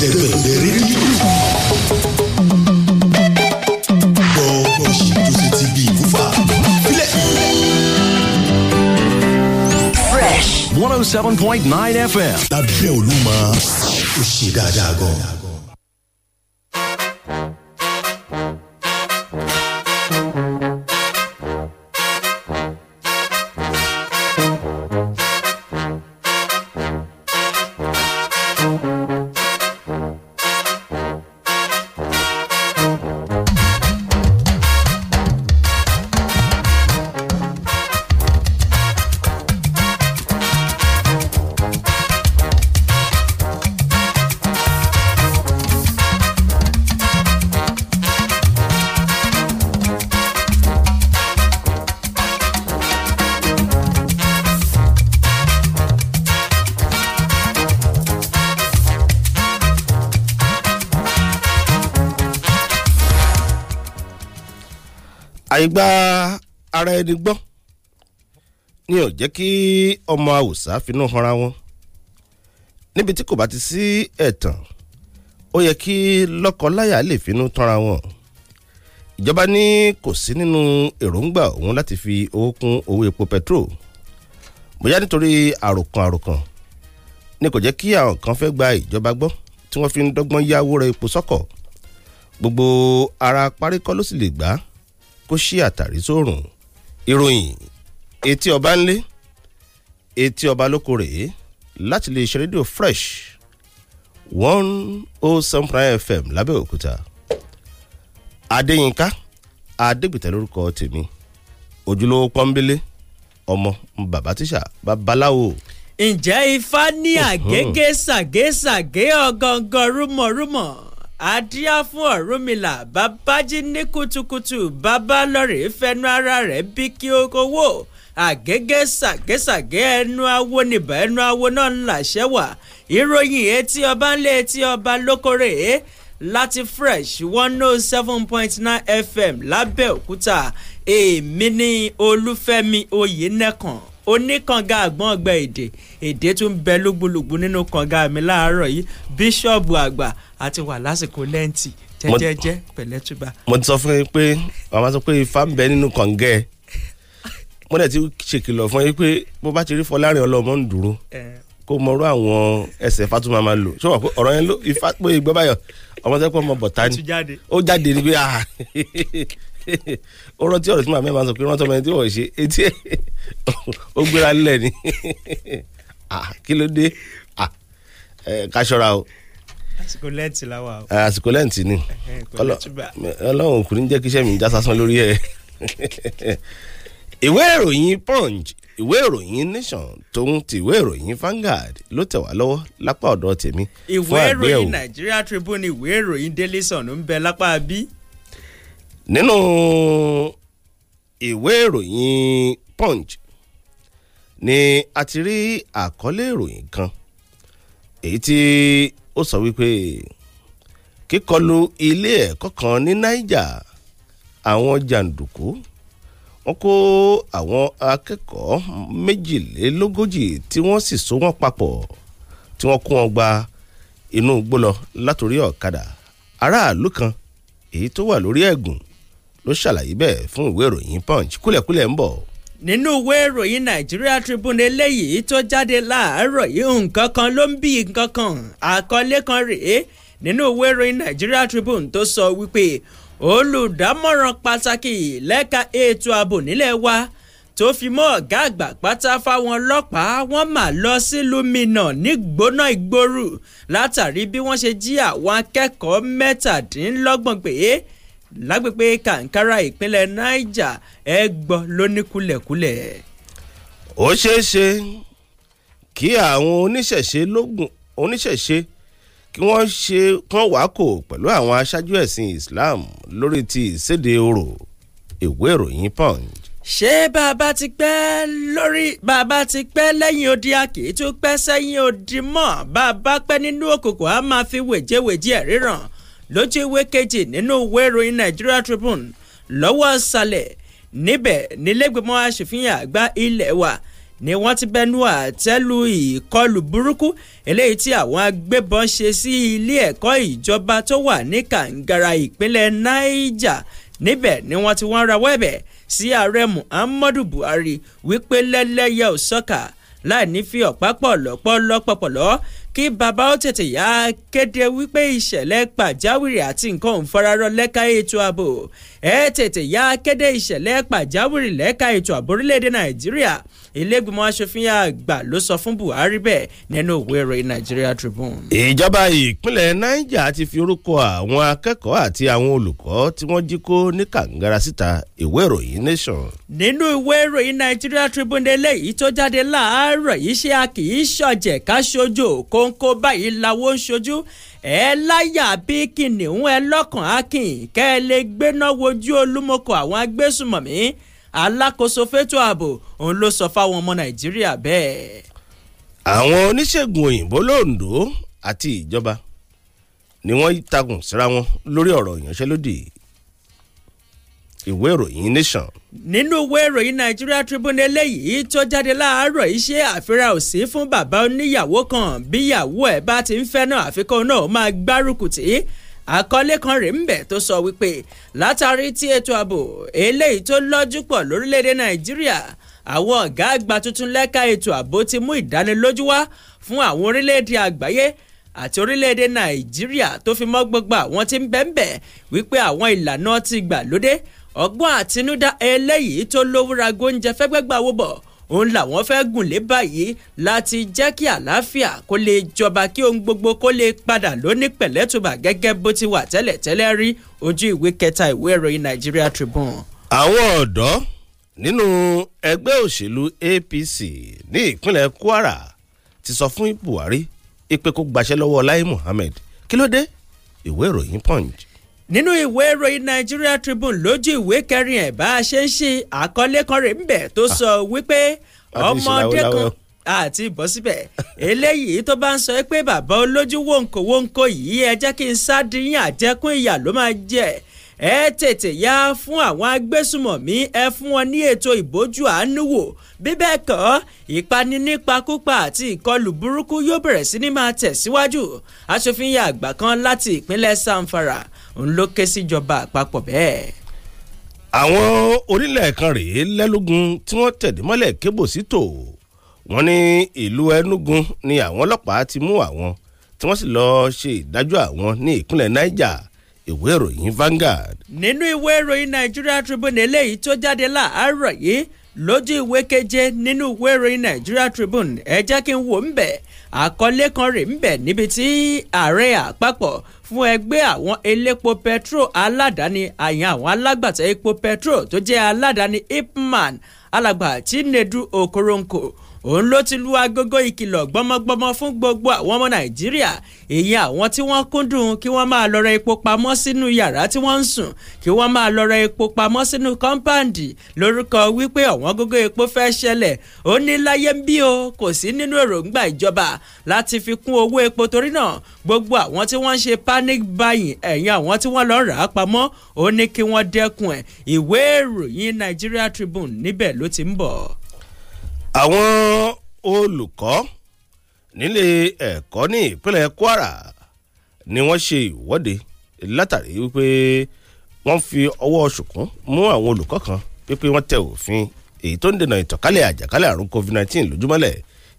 ìdẹ̀gbẹ̀gbẹ̀ rédíò. gbọ́ òṣì tó ṣe ti bí ìfúfà sílẹ̀. Fresh one oh FM. lábẹ́ Olúmọ ó ṣe àìgbà ara ẹni gbọ́ ni ò jẹ́ kí ọmọ Haúsá finú hanra wọn níbi tí kò bá ti sí ẹ̀tàn ó yẹ kí lọ́kọ-láyà lè finú tanra wọn ìjọba ní kò sí nínú èròǹgbà òun láti fi owó kún owó epo petrol bóyá nítorí àròkàn àròkàn ni kò jẹ́ kí àwọn kan fẹ́ gba ìjọba gbọ́ tí wọ́n fi ń dọ́gbọ́n yáwó ra epo sọ́kọ̀ gbogbo ara parí kọ́ ló sì lè gbà kó ṣí àtàrí sóòrùn ìròyìn etí ọba ńlé etí ọba lóko rèé láti lè ṣe rédíò fresh one oh seven prime fm lábẹ́òkúta adéyínká adégbìtẹ́ lórúkọ tèmi ojúlówó pọ́nbélé ọmọ bàbá tíṣà babaláwo. ǹjẹ́ ifá ní àgégé ṣàgéṣàgé ọ̀gọ̀ngọ̀ rúmọ̀rúmọ̀ àdíá fún ọ̀rúnmìlà bàbá jí ní kùtùkùtù bàbá lọ́rẹ̀ fẹnu ara rẹ̀ bí kí ó kówó àgẹ́gẹ́ sàgẹ́sàgẹ́ ẹnu awo nìbà ẹnu awo náà ń làṣẹ wà ìròyìn etí ọba ńlẹ̀ etí ọba lókòrè láti fresh one oh seven point nine fm lábẹ́òkúta èmi ní olúfẹ́mi oyinẹ̀kan oníkànga àgbọ̀n ọgbà èdè èdè tún bẹ lúgbúlùgbú nínú kànga mi láàárọ̀ yìí bíṣọ̀bù àgbà àti wà lásìkò lẹ́ǹtì jẹ́jẹ́jẹ́ pẹ̀lẹ́tùbà. mo ti sọ fún yín pé màmá sọ pé ifá ń bẹ nínú kànga ẹ mo dẹ̀ ti ṣèkìlọ̀ fún yín pé bó bá ti rí fọlárin ọlọ́mọ ń dúró kó mọrú àwọn ẹsẹ̀ fatuma máa lò ṣọwọ́ pé yẹn ló ifá pé ìgbọ́ báyọ̀ ọmọ tẹ́pọ̀ ọmọ bọ̀tá ni ó jáde ni pé ah, ó rántí ọ̀rọ̀ tí màmá ẹ̀ máa sọ pé rántí ọmọ ẹni tí wọ́n ṣe etí ẹ̀ ó gbéra lẹ̀ ni kí ló dé ká ṣọ́ra o. àsìkò lẹ́ǹtì la wà o. àsìkò lẹ́ǹtì ni ọlọ́run kò ní jẹ́ kí iṣẹ́ mi já sásán lórí ẹ̀. ìwé ìròyìn punch ìwé ìròyìn nation tòun ti ìwé ìròyìn Vanguard ló tẹ̀ wá lọ́wọ́ lápá ọ̀dọ̀ tèmi. ìwé ìròyìn Nigeria Tribune ìwé ìròyìn Daily Sun ń bẹ lápá bí nínú ìwé ìròyìn punch ni a ti rí àkọlé ìròyìn kan èyí tí ó sọ wípé kíkọlù ilé ẹ̀kọ́ kan ní niger àwọn jàǹdùkú wọ́n kó àwọn akẹ́kọ̀ọ́ méjìlélógójì tí wọ́n sì so wọ́n papọ̀ tí wọ́n kó wọn gba inú igbó látòrí ọ̀kadà aráàlú kan èyí tó wà lórí ẹ̀gùn e ló ṣàlàyé bẹ́ẹ̀ fún ìwé ìròyìn punch kúlẹ̀kúlẹ̀ ń bọ̀ nínú ìwé ìròyìn Nigeria Tribune eléyìí tó jáde láàárọ̀ yìí nǹkan kan ló ń bí nǹkan kan àkọlé kan rèé nínú ìwé ìròyìn Nigeria Tribune tó sọ wípé olùdámọ̀ràn pàtàkì lẹ́ka ètò ààbò nílẹ̀ wa tó fi mọ́ ọ̀gá àgbà pátá fáwọn ọlọ́pàá wọ́n mà lọ sílùú minna nígbóná ìgboro látàrí bí wọ́n ṣe jí àwọn akẹ́kọ̀ọ́ mẹ́tàdínlọ́gbọ̀n pèé lágbègbè Kankara ìpínlẹ̀ Niger ẹ gbọ́ ló ní kúlẹ̀kúlẹ̀. ó ṣeé ṣe kí àwọn oníṣẹ̀ṣe lógun oníṣẹ̀ṣe kí wọ́n ṣe kán wákò pẹ̀lú àwọn aṣáájú ẹ̀sìn Islam lórí ti ìséde orò ìwé ìròyìn Punch ṣé bàbá ti pẹ́ lórí bàbá ti pẹ́ lẹ́yìn odi àkì tó pẹ́ sẹ́yìn odi mọ́ bàbá pẹ́ nínú òkùnkùn á máa fi wèjèwèjì ẹ̀ ríran lójú ìwé kejì nínú ìwé ìròyìn Nigeria Tribune lọ́wọ́ sàlẹ̀ níbẹ̀ nílẹ̀gbẹ̀mọ́ aṣòfin àgbà ilẹ̀ wa ni wọ́n ti bẹnu àtẹ́lu ìkọlù burúkú eléyìí tí àwọn agbébọn ṣe sí ilé ẹ̀kọ́ ìjọba tó wà ní Kàǹgàrà ìpínlẹ̀ Niger níbẹ̀ ni wọ́n ti wọ́n rawọ́ ẹ̀bẹ̀ sí ààrẹ Muhammadu Buhari wípé lẹ́lẹ́yẹ ò so láì ní fi ọ̀pá pọ̀ lọ́pọ̀lọ́ pọ̀pọ̀lọ́ kí bàbá ó tètè yá kéde wípé ìṣẹ̀lẹ̀ pàjáwìrì àti nǹkan òǹfararọ̀ lẹ́ka ètò ààbò ẹ tètè yá kéde ìṣẹ̀lẹ̀ pàjáwìrì lẹ́ka ètò ààbò orílẹ̀-èdè nàìjíríà ilé ìgbìmọ̀ asòfin àgbà ló sọ fún buhari bẹ́ẹ̀ nínú ìwé ìròyìn nigeria tribune. ìjọba ìpínlẹ̀ niger ti fi orúkọ àwọn akẹ́kọ̀ọ́ àti àwọn olùkọ́ tí wọ́n jí kó ní kàǹgara síta ìwé ìròyìn nation. nínú ìwé ìròyìn nigeria tribune eléyìí tó jáde láàárọ̀ yìí ṣe a kì í ṣọ̀jẹ̀ ká ṣojú kóńkó báyìí làwọn ń ṣojú ẹ láyà bí kìnìún ẹ lọ́kàn akin kẹ́ ẹ lè gbéná wojú olúmọkọ àwọn agbésùmọ̀mí alákòóso fétò ààbò òun ló sọ fáwọn ọmọ nàìjíríà bẹ́ẹ̀. àwọn oníṣègùn òyìnbó londo àti ìjọba ni wọ́n takùn síra wọn lórí ọ̀rọ̀ ìyanṣẹ́lódì ìwé ìròyìn nation. nínú ìwé ìròyìn nigeria tribune eléyìí tó jáde láàárọ̀ yìí ṣe àfihàn òsì fún bàbá oníyàwó kan bí ìyàwó ẹ̀ bá ti ń fẹ́ náà àfikún náà máa gbárùkù tì àkọlé kan rèé ń bẹ̀ tó sọ wípé látàrí tí ètò ààbò eléyìí tó lọ́jú pọ̀ lórílẹ̀‐èdè nàìjíríà àwọn ọ̀gá àgbà tuntun lẹ́ka ètò ààbò ti mú ìdánilójú wá fún àwọn orílẹ̀‐èdè àgbáyé àti orílẹ̀‐èdè nàìjíríà tó fi mọ́ gbogbo àwọn tí ń bẹ́ ń bẹ̀ wípé àwọn ìlànà ti gbà lóde ọgbọ́n àtinúdá eléyìí tó lówúra góúnjẹ fẹ́gbẹ́gbà wó bọ̀ òun làwọn fẹ́ gùn lé báyìí láti jẹ́ kí àlàáfíà kó lè jọba kí ohun gbogbo kó lè padà lóní pẹ̀lẹ́tùbà gẹ́gẹ́ bó ti wà tẹ́lẹ̀tẹ́lẹ̀ rí ojú ìwé kẹta ìwé ìròyìn Nigeria Tribune. àwọn ọ̀dọ́ nínú ẹgbẹ́ òṣèlú APC ní ìpínlẹ̀ Kwara ti sọ fún Buhari ipe kó gbaṣẹ́ lọ́wọ́ Lai Muhammed kí ló dé ìwé ìròyìn Punch nínú ìwé ìròyìn Nigeria Tribune lójú ìwé kẹrin ẹ̀ bá a ṣe ń ṣe àkọlé kan rè ń bẹ̀ tó sọ ah. wípé ọmọdé kan àti bọ́ síbẹ̀ eléyìí tó bá ń sọ pé bàbá olójú wòǹkó wòǹkó yìí ẹ jẹ́ kí n sá dín àjẹkún ìyà ló máa jẹ ẹ tètè yá fún àwọn agbésùmọ̀mí ẹ fún wọn ní ètò ìbójú àánú wò bí bẹ́ẹ̀ kọ́ ìpani nípakúpa àti ìkọlù burúkú yóò bẹ̀rẹ̀ sí ní máa tẹ̀síwájú aṣòfin àgbà kan láti ìpínlẹ̀ Samfara òun ló ké síjọba àpapọ̀ bẹ́ẹ̀. àwọn onílẹ̀ kan rèé lẹ́lógún tí wọ́n tẹ̀dí mọ́lẹ̀ kébò sí tò wọ́n ní ìlú Enugu ni àwọn ọlọ́pàá ti mú àwọn tí wọ́n sì lọ́ọ́ ṣe ìdájọ́ àwọn ní ìpínlẹ̀ Niger ìwé ìròyìn Vanguard. nínú ìwé ìròyìn Nigeria Tribune eléyìí tó jáde láàárọ̀ yìí lójú ìwé keje nínú ìwé ìròyìn Nigeria Tribune ẹ jẹ́ kí n wò ń bẹ̀ àkọlé kan rè ń bẹ̀ níbi tí ààrẹ àpapọ̀ fún ẹgbẹ́ àwọn elépo petro aládàáni àyàn àwọn alágbàtà epo petro tó jẹ́ aládàáni ipman alàgbà Chinedu Okoronko òun ló ti lu agogo ìkìlọ̀ gbọmọgbọmọ fún gbogbo àwọn ọmọ nàìjíríà èyí àwọn tí wọ́n kúndùn kí wọ́n máa lọ ra epo pamọ́ sínú yàrá tí wọ́n ń sùn kí wọ́n máa lọ ra epo pamọ́ sínú kọ́ńpáàndì lórúkọ wípé ọ̀wọ́n gógó epo fẹ́ ṣẹlẹ̀ ó ní láyé ń bí o kò sí nínú èròǹgbà ìjọba láti fi kún owó epo torí náà gbogbo àwọn tí wọ́n ń ṣe panic buying ẹ̀yìn àwọn tí wọ́n lọ rà á pamọ́ ó ní kí wọ́n dẹ́kun ẹ̀ ìwé ìròyìn Nigeria Tribune níbẹ̀ ló ti ń bọ̀ àwọn olùkọ́ nílé ẹ̀kọ́ ní ìpínlẹ̀ Kwara ni wọ́n ṣe ìwọ́de látàrí wípé wọ́n fi ọwọ́ ṣùkún mú àwọn olùkọ́ kan pípé wọ́n tẹ òfin èyí tó ń dènà ìtànkálẹ̀ àjàkálẹ̀ àrùn COVID-19 lójúmọ́lẹ̀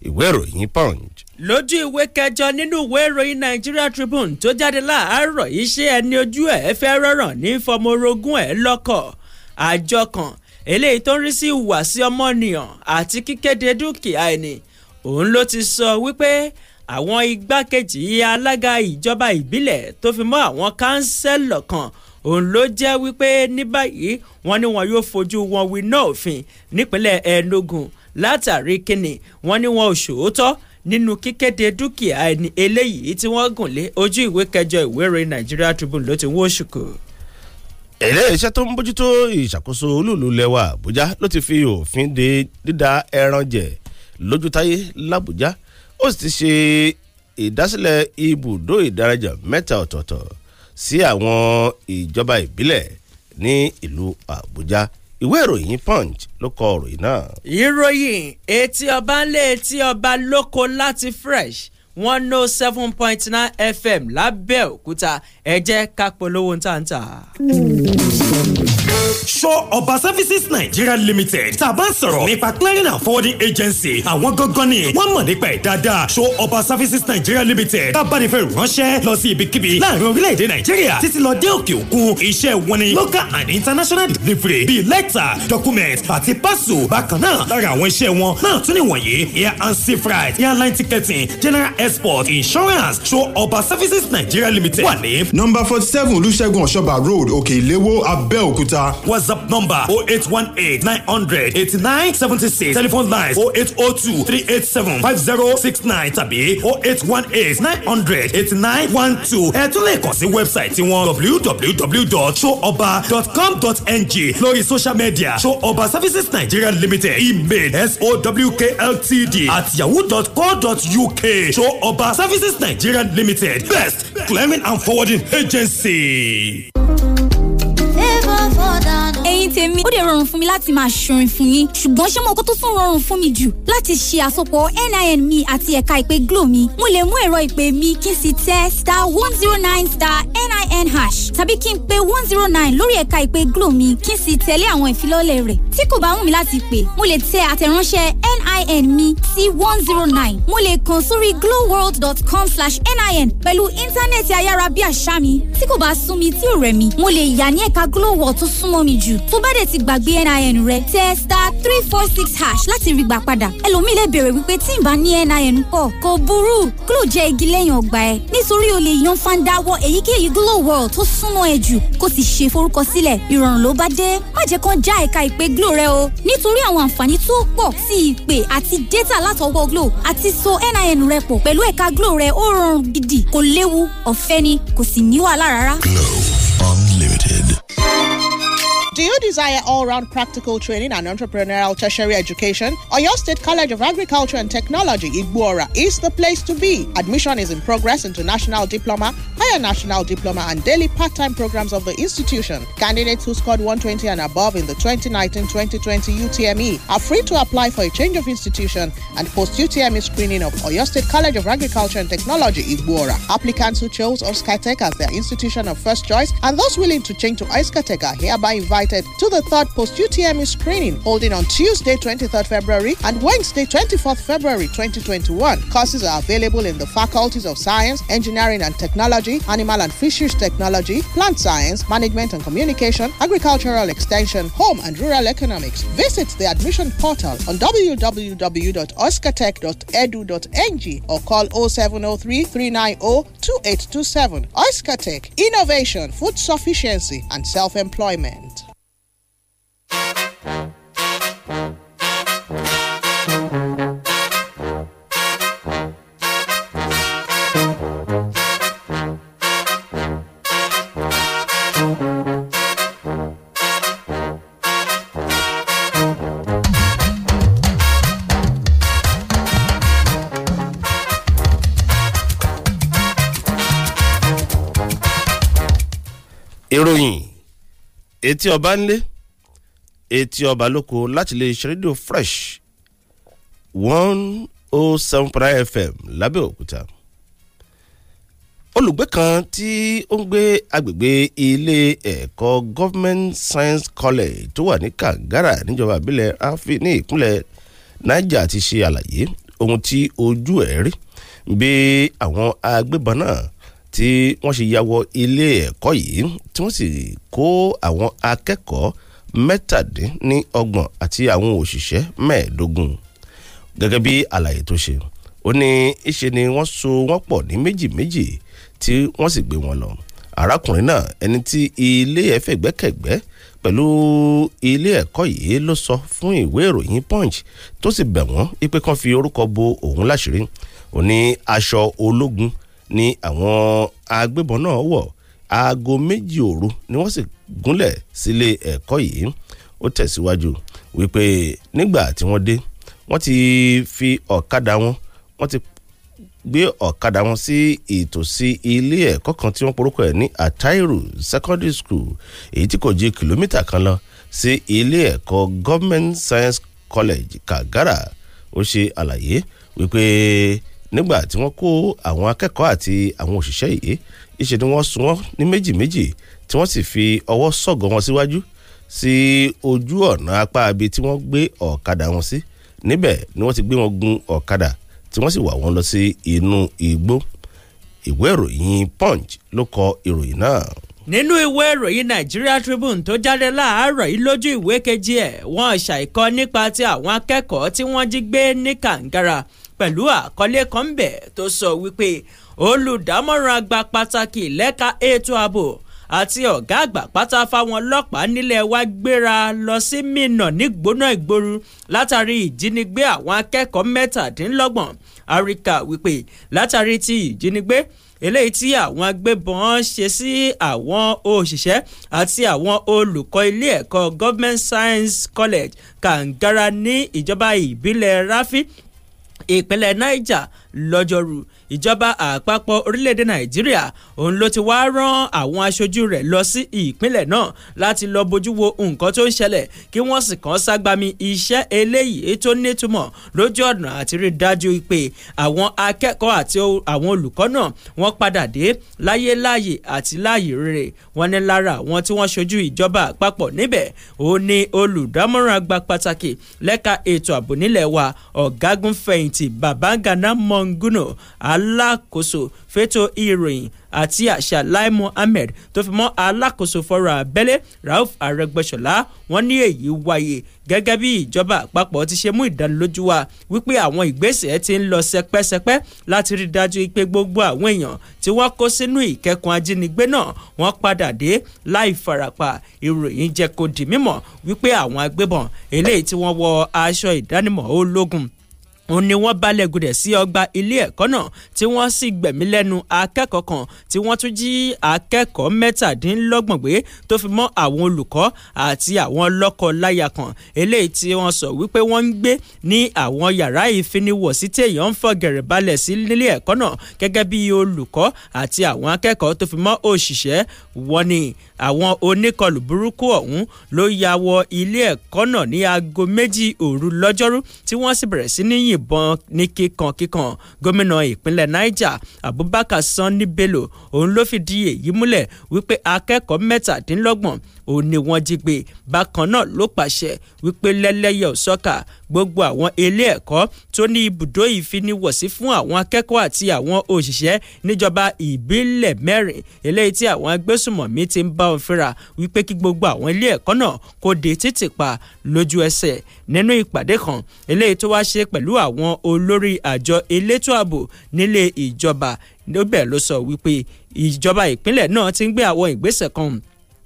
ìwé ìròyìn punch. lójú ìwé kẹjọ nínú ìwé ìròyìn Nigeria Tribune tó jáde láàárọ̀ iṣẹ́ ẹni ojú ẹ̀ fẹ́ rọ̀ràn ní fọmọ orogún ẹ̀ lọ́kọ̀ àjọ eléyìí tó ń rí sí ìwàsí ọmọnìyàn àti kíkéde dúkìá ẹni òun ló ti sọ wípé àwọn igbákejì alága ìjọba ìbílẹ̀ tó fi mọ́ àwọn kánsẹ́lọ̀ kan òun ló jẹ́ wípé ní báyìí wọ́n ní wọn yóò fojú wọn winá òfin nípínlẹ̀ Enugu látàrí kínni wọ́n ní wọn ò ṣòótọ́ nínú kíkéde dúkìá ẹni eléyìí tí wọ́n gùn lé ojú ìwé kẹjọ ìwé ìròyìn Nigeria Tribune ló ti wọ́n ṣùkọ́ ilé iṣẹ́ tó ń bójútó ìṣàkóso olúùlú lẹ́wà àbújá ló ti fi òfin de dídá ẹran jẹ lójútáyé làbújá ó sì ti ṣe ìdásílẹ̀ ibùdó ìdárajà mẹ́ta ọ̀tọ̀ọ̀tọ̀ sí àwọn ìjọba ìbílẹ̀ ní ìlú àbújá ìwé ìròyìn punch ló kọ ìròyìn náà. ìròyìn etí ọba ń lé etí ọba lóko láti fresh one no oh seven point nine fm lábẹ́òkúta ẹ jẹ́ ká polówó ń tà ń tà. Ṣọ Ọba Services Nigeria Limited tá a bá ń sọ̀rọ̀ nípa clearing and forwarding agency àwọn gangan ni wọ́n mọ̀ nípa ẹ̀ dáadáa Ṣọ Ọba Services Nigeria Limited tá a bá ní fẹ́ ránṣẹ́ lọ sí ibikíbi láàrin orílẹ̀-èdè Nàìjíríà títí lọ dé òkè òkun iṣẹ́ wọn ni local and international delivery bíi letter. document àti parcel bákan náà lára àwọn iṣẹ́ wọn náà tún níwọ̀nyí air and sea freight airline ticketing general export insurance Ṣọ Ọba Services Nigeria Limited wà ní. Number forty seven Olúṣẹ́gun Ọ̀ṣọ́bà road Òkè Ìléwó Abẹ́òkúta WhatsApp number 0818 900 8976. Telephone lines 0802 387 5069 tàbí 0818 900 8912. Ẹ tún lè kàn sí wẹ́bsáìtì wọn www.showoba.com.ng lórí social media Showoba Services Nigeria Limited email sowkltd at yahoo.co.uk Showoba Services Nigeria Limited best clearing and forwarding agency ẹ̀yin tèmi ó dẹ̀ rọrùn fún mi láti máa ṣorin fún yín ṣùgbọ́n ṣé mo kó tó tún rọrùn fún mi jù láti ṣe àsopọ̀ NIN mi àti ẹ̀ka ìpè Glo mi mo lè mú ẹ̀rọ ìpè mi kí n sì tẹ star one zero nine star n hash tàbí kí n pe one zero nine lórí ẹ̀ka ìpè glo mi kí n sì tẹ̀lé àwọn ìfilọ́lẹ̀ rẹ̀ tí kò bá wù mí láti pè mo lè tẹ àtẹ̀ránṣẹ́ nin mi sí one zero nine mo lè kàn sórí glowworld.com slash nin pẹ̀lú íńtánẹ́ẹ̀tì ayárabíàṣá mi tí kò bá sún mi tí ò rẹ̀ mí mo lè yà ní ẹ̀ka glowworld tó súnmọ́ mi jù tó bá dẹ̀ ti gbàgbé nin rẹ̀ tẹ star three four six hash láti rí gbà padà ẹlòmíì lè béèrè wípé tí ì bá ní nin pọ̀ kò burú glo jẹ́ igi lẹ́yìn ọgbà ẹ̀ nítorí o lè yan fandawọ èyíkéyìí glow world tó súnmọ́ ẹ jù kó sì ṣe forúkọsílẹ̀ ìrọ̀rùn ló bá dé má jẹ́ kán já ẹ̀ka ìpè glo rẹ o nítorí àwọn àǹfààní tó pọ̀ sí ìpè àti data látọwọ́ glo àti so nin rẹ pọ̀ pẹ̀lú ẹ̀ka glo rẹ ó rọrùn gidi kò léwu ọ̀fẹ́ ni kò sì ní wàhálà rárá. Glo Unlimited. Do you desire all round practical training and entrepreneurial tertiary education? Oyo State College of Agriculture and Technology, Igbora, is the place to be. Admission is in progress into National Diploma, Higher National Diploma, and daily part time programs of the institution. Candidates who scored 120 and above in the 2019 2020 UTME are free to apply for a change of institution and post UTME screening of Oyo State College of Agriculture and Technology, Igbora. Applicants who chose Oskatech as their institution of first choice and those willing to change to Oskatech are hereby invited invited to the third post UTME screening holding on Tuesday, 23rd February and Wednesday, 24th February 2021. Courses are available in the faculties of Science, Engineering and Technology, Animal and Fisheries Technology, Plant Science, Management and Communication, Agricultural Extension, Home and Rural Economics. Visit the admission portal on www.oscatech.edu.ng or call 0703 390 2827. Oscatech Innovation, Food Sufficiency and Self Employment. ìròyìn etí ọba ńlẹ̀ etí ọba lóko láti lè ṣe rédíò fresh one oh seven point nine fm lábẹ́òkúta olùgbé kan tí ó ń gbé agbègbè ilé ẹ̀kọ́ government science college tó wà ní kàǹgárà níjọba àbílẹ̀ afi ní ìpínlẹ̀ niger ti ṣe àlàyé ohun tí ojú ẹ̀ rí bí àwọn agbébọn náà tí wọ́n ṣe ya wọ ilé ẹ̀kọ́ yìí tí wọ́n sì kó àwọn akẹ́kọ̀ọ́ mẹ́tàdínlọ́gbọ̀n àti àwọn òṣìṣẹ́ mẹ́ẹ̀ẹ́dógún gẹ́gẹ́ bí àlàyé tó ṣe ó ní ìṣe ni wọ́n so wọ́n pọ̀ ní méjì méjì tí wọ́n sì gbé wọn lọ arákùnrin náà ẹni tí ilé ẹ̀ fẹ̀gbẹ́kẹ̀gbẹ́ pẹ̀lú ilé ẹ̀kọ́ yìí ló sọ fún ìwé ìròyìn punch tó sì bẹ̀ wọ́n ipe kan fi orúkọ bo òun láṣìírí ó ní aṣọ ológun ni àwọn agbébọn náà wọ̀ aago méjì òru ni wọ́n sì gúnlẹ̀ sílé ẹ̀kọ́ yìí ó tẹ̀síwájú wípé nígbà tí wọ́n dé wọ́n ti fi ọ̀kadà wọn wọ́n ti gbé ọ̀kadà wọn sí ìtòsí ilé ẹ̀kọ́ kan tí wọ́n porúkọ ẹ̀ ní Atairu Secondary School èyí tí kò ju kìlómítà kan lọ sí ilé ẹ̀kọ́ Government Science College Kagara ó ṣe àlàyé wípé nígbà tí wọ́n kó àwọn akẹ́kọ̀ọ́ àti àwọn òṣìṣẹ́ yìí ìṣe ni wọ́n sun wọ́n ní méjì méjì tí wọ́n sì fi ọwọ́ sọ̀gọ̀ wọn síwájú sí ojú ọ̀nà apá ibi tí wọ́n gbé ọ̀kadà wọn sí níbẹ̀ ni wọ́n ti gbé wọn gun ọ̀kadà tí wọ́n sì wà wọ́n lọ sí inú igbó ìwé ìròyìn punch ló kọ ìròyìn náà nínú ìwé ìròyìn Nigeria Tribune tó jáde láàárọ̀ yìí lójú ìwé kejì ẹ̀ wọ́n ṣàìkọ́ nípa ti àwọn akẹ́kọ̀ọ́ tí wọ́n jí gbé ní kàǹgàrà pẹ̀lú àkọlé kan bẹ̀ tó sọ wípé olùdámọ̀ràn àgbà pàtàkì lẹ́ka ètò ààbò àti ọ̀gá àgbà pátá fáwọn ọlọ́pàá nílẹ̀ wa gbéra lọ sí mìnà nígbóná ìgboro látàrí ìjínigbé àwọn akẹ́kọ̀ọ́ mẹ́tàdínlọ́gbọ̀n àríkà wípé látàrí ti ìjínigbé eléyìí tí àwọn agbébọn ṣe sí àwọn òṣìṣẹ́ àti àwọn olùkọ́ ilé ẹ̀kọ́ government science college kàǹgára ní ìjọba ìbílẹ̀ rafi ìpínlẹ̀ niger lọ́jọ́rú ìjọba àpapọ̀ orílẹ̀-èdè nàìjíríà òun ló ti wá rán àwọn aṣojú rẹ̀ lọ sí ìpínlẹ̀ náà láti lọ bójú wo nǹkan tó ń ṣẹlẹ̀ kí wọ́n sì kàn ságbami iṣẹ́ eléyìí tó nítumọ̀ lójú ọ̀nà àti rí dájú pé àwọn akẹ́kọ̀ọ́ àti àwọn olùkọ́ náà wọ́n padà dé láyé láàyè àti láàyè rere wọ́n ní lára àwọn tí wọ́n ṣojú ìjọba àpapọ̀ níbẹ̀ òun ni olùdámọ̀ràn àgbà pàtàkì lẹ́ka ètò ààbò nílẹ̀ wa ọ̀gágun fẹ̀yìntì Babagana Monguno alákòóso fẹ́tọ̀ ìròyìn àti àṣà Lai Mohammed tó fi mọ́ alákòóso fọ́ra abẹ́lé Rauf Arẹ́gbẹ́ṣọlá wọ́n ní èyí wáyé gẹ́gẹ́ bí ìjọba àpapọ̀ ti ṣe mú ìdánilójú wa wípé àwọn ìgbésẹ̀ ti ń lọ sẹpẹ́sẹpẹ́ láti rí dájú pé gbogbo àwọn èèyàn tí wọ́n kó sínú ìkẹ́kùn ajínigbé náà wọ́n padà dé láì farapa ìròyìn jẹ́ kó di mímọ̀ wípé àwọn agbébọn eléyìí tí wọ́n wọ aṣọ ìdánimọ̀ ológun òun ni wọ́n balẹ̀ gudẹ̀ sí ọgbà ilé ẹ̀kọ́ náà tí wọ́n sì gbẹ̀mí lẹ́nu akẹ́kọ̀ọ́ kan tí wọ́n tún jí akẹ́kọ̀ọ́ mẹ́tàdínlọ́gbọ̀n gbé tó fi mọ́ àwọn olùkọ́ àti àwọn lọ́kọ-láya kan eléyìí tí wọ́n sọ wípé wọ́n ń gbé ní àwọn yàrá ìfiniwọ̀sí tí èèyàn ń fọ gẹ̀rẹ̀ balẹ̀ sí nílé ẹ̀kọ́ náà gẹ́gẹ́ bí olùkọ́ àti àwọn akẹ́kọ̀ọ́ tó fi mọ́ òṣìṣẹ́ wọ́n ní àwọn oníkọlù burúkú ọ̀hún ló ya wọ ilé ẹ̀kọ́ náà ní aago méjì òru lọ́jọ́rú tí wọ́n sì bẹ̀rẹ̀ sí ní yìn yìnbọn ní kíkankíkan gómìnà ìpínlẹ̀ niger abubakar sanni bello òun ló fìdí èyí múlẹ̀ wípé akẹ́kọ̀ọ́ mẹ́tàdínlọ́gbọ̀n òun ni wọ́n jí gbé bákan náà ló pàṣẹ wípé lẹ́lẹ́yẹ̀ òsọ́kà gbogbo àwọn ilé ẹ̀kọ́ tó ní ibùdó ìfiniwọ̀sí fún àwọn akẹ́kọ̀ọ́ àti àwọn òṣìṣẹ́ níjọba ìbílẹ̀ mẹ́rin eléyìí tí àwọn agbésùmọ̀mí ti ń bá wọn fínra wípé kí gbogbo àwọn ilé ẹ̀kọ́ náà kó de títì pa lójú ẹsẹ̀ nínú ìpàdé kan eléyìí tó wá ṣe pẹ̀lú àwọn olórí àjọ elétò ààbò nílé ìjọba níbẹ̀ ló sọ wípé ìjọba ìpínlẹ̀ náà ti ń gbé àwọn ìgbésẹ̀ kan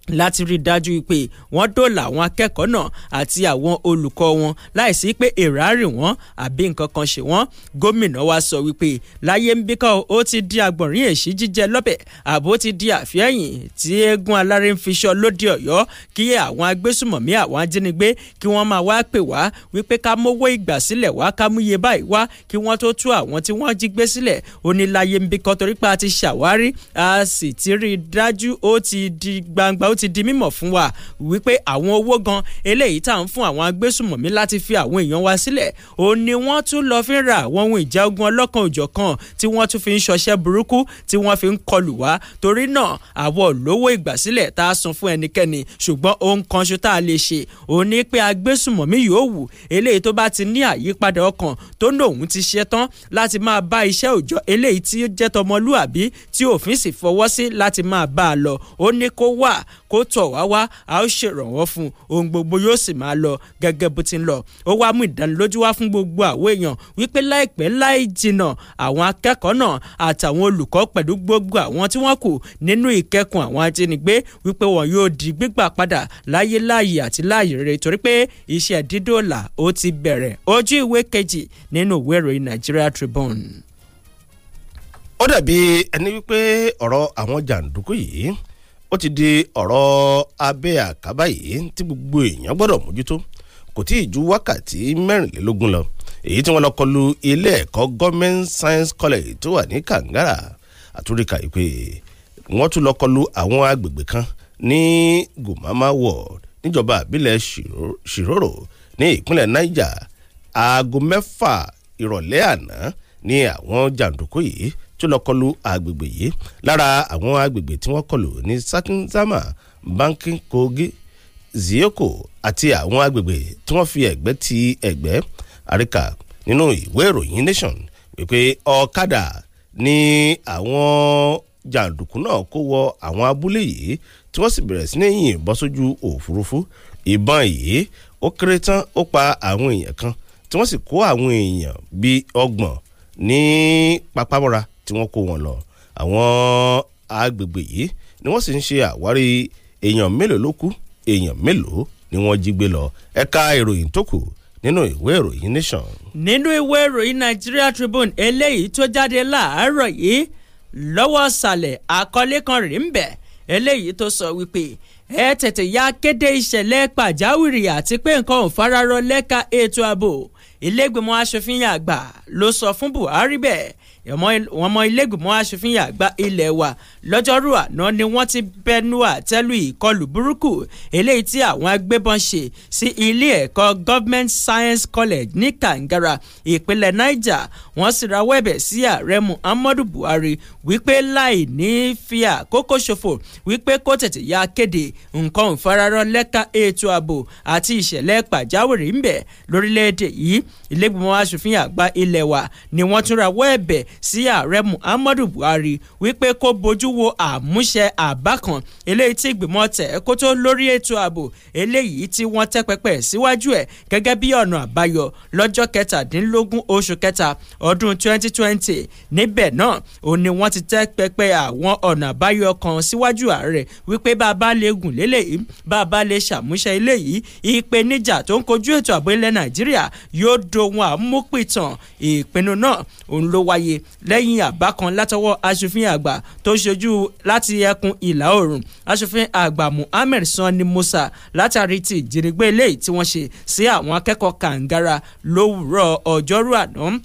láti rí i dájú pé wọ́n dóòlà àwọn akẹ́kọ̀ọ́ náà àti àwọn olùkọ́ wọn láìsí pé èrà rìn wọ́n àbí nǹkan kan ṣe wọ́n gómìnà wa sọ wípé láyé ń bíkọ́ ó ti di agbọ̀nrín èṣí jíjẹ lọ́bẹ̀ àbó ti di àfihàn tí eégún aláré ń fiṣọ lóde ọ̀yọ́ kí àwọn agbésùmọ̀mí àwọn ajínigbé kí wọ́n máa wá pè wá wípé ká mówó ìgbà sílẹ̀ wá ká mú iye báyìí wá kí wọ́n tó tú àwọn tí wọ́n jí gbé sílẹ̀ ó ní láyé ń bíkọ́ torípa ti ṣàwárí a sì ti rí i dájú ó ti di gbangba ó ti di mímọ̀ fún wa wípé àwọn owó gan eléyìí tá à ń fún àwọn agbésùmọ̀mí láti fi àwọn èèyàn wa sílẹ̀ òun ni wọ́n tún lọ fi ń ra àwọn ohun ìjà ogun ọlọ́kan òjọ̀kan tí wọ́n tún fi ń ṣọṣẹ́ burúkú tí wọ́n fi ń kọlù wá torí náà àwọn olówó ìgbàsílẹ̀ tá a san fún ẹnikẹ́ni ṣùgbọ́n ohun kan ṣo tá a lè ṣe òun ni pé agbésùmọ̀mí yòówù eléyìí tó bá ti ní àyípadà ọkàn tó ní òun ti ṣe tán láti máa bá iṣẹ́ òòjọ́ eléyìí tí ó jẹ́ tọmọlúàbí tí òfin sì fọwọ́ sí láti máa bá a lọ ó ní kó wà kó tọ̀ wá wá a ó ṣèrànwọ́ fún ohun gbogbo yóò sì máa lọ gẹ́gẹ́ bó ti ń lọ ó wá mú ìdánilójú wá fún gbogbo àwọn èèyàn wípé láìpẹ́ láì jìnà àwọn akẹ́kọ̀ọ́ náà àtàwọn olùkọ́ pẹ̀lú gbogbo àwọn tí wọ́n kù nínú ìkẹ́kùn àwọn ajínigbé wípé wọn yóò di gbígbà padà láyé láàyè àti láàyè rere torí pé iṣẹ́ dídòlà ó ti bẹ̀rẹ̀ ojú ìwé kejì nínú ìwé ìròyìn Nigeria Tribune ó dàbí ẹni wípé ọ̀rọ̀ àwọn jàǹdùkú yìí ó ti di ọ̀rọ̀ abẹ́ àkábá yìí tí gbogbo èèyàn gbọ́dọ̀ mójútó kò tí ì ju wákàtí mẹ́rìnlélógún lọ èyí tí wọ́n lọ kọlu ilé ẹ̀kọ́ government science college tó wà ní kàngárà àtúríkà ìpè wọ́n tún lọ kọlu àwọn agbègbè kan ní gumama world, níjọba àbílẹ̀ ṣìrórò ní ìpínlẹ̀ niger aago mẹ́fà ìrọ̀lẹ́ àná ní àwọn jàǹdùkú yìí tí ó lọ kọlu agbègbè yìí lára àwọn agbègbè tí wọ́n kọlu ní sakinzama bankin kogi zioko àti àwọn agbègbè tí wọ́n fi ẹ̀gbẹ́ ti ẹ̀gbẹ́ àríkà nínú ìwé ìròyìn nation wípé ọ̀kadà ní àwọn jàǹdùkú náà kó wọ àwọn abúlé yìí tí wọ́n sì bẹ̀rẹ̀ sí ní yìnbọn sójú òfurufú ìbọn yìí ó kéré tán ó pa àwọn èèyàn kan tí wọ́n sì kó àwọn èèyàn bíi ọgbọ̀n ní papámọ́ra tí wọ́n kó wọn lọ àwọn agbègbè yìí ni wọ́n sì ń ṣe àwárí èèyàn mélòó ló kú èèyàn mélòó ni wọ́n jí gbé lọ ẹ̀ka ìròyìn tó kù nínú ìwé ìròyìn nation. nínú ìwé ìròyìn Nigeria Tribune eléyìí tó jáde láàárọ̀ yìí lọ́wọ́ sàlẹ̀ àkọlé kan rèé ń bẹ̀ eléyìí tó sọ wípé ẹ tètè ya kéde ìṣẹ̀lẹ̀ pàjáwìrì àti pé nǹkan ò fararọ lẹ́ka ètò ààbò ilé asòfin àgbà ló sọ fún Buhari bẹ́ẹ̀ ọmọ ilégbìmọ̀ aṣòfin àgbà ilẹ̀ wa lọ́jọ́rú àná ni wọ́n ti bẹnu àtẹ́lù ìkọlù burúkú eléyìí tí àwọn agbébọn ṣe sí ilé ẹ̀kọ́ government science college ní kàǹgàrà ìpínlẹ̀ niger wọ́n sì rawọ́ ẹ̀bẹ̀ sí ààrẹ muhammadu buhari wípé láì ní fi àkókò ṣòfò wípé kó tètè ya kéde nǹkan ìfararán lẹ́ka ètò ààbò àti ìṣẹ̀lẹ̀ pàjáwìrì ń bẹ lórílẹ̀‐èdè yìí ilégbìmọ̀ aṣòfin àgbà ilẹ̀ wa ni wọ́n tún rawọ́ ẹ̀bẹ̀ sí ààrẹ muhammadu buhari wípé kó bójú wo àmúṣe àbá kan eléyìí tí ìgbìmọ̀ tẹ̀ kó tó lórí ètò ààbò eléyìí tí wọ́n tẹ́ pẹpẹ síwájú ẹ̀ gẹ́gẹ́ bí ọ̀nà àbáyọ lọ́jọ́ kẹtàdínlógún oṣù kẹta ọdún 2020 níbẹ̀ náà ó ní wọ́n ti tẹ́ pẹpẹ àwọn ọ̀nà àbáyọ kan síwájú ààrẹ wípé bàbá lè gùn lélẹ́yìí bàbá lè ṣàmúṣe eléyìí ìpèníjà tó ń kojú ètò ààbò ilẹ̀ nàìjíríà yóò dohun àmúpìtàn ìpinnu náà òun ló wáyé lẹ́yìn àbá kan látọwọ́ aṣòfin àgbà tó ṣojú láti ẹkùn ìlà oòrùn aṣòfin àgbà Muhammed Sani Musa látàrí ti ìjínigbé eléyìí tí wọ́n ṣe sí àwọn akẹ́kọ̀ọ́ kàǹgára lówùúrọ̀ ọjọ́rú àná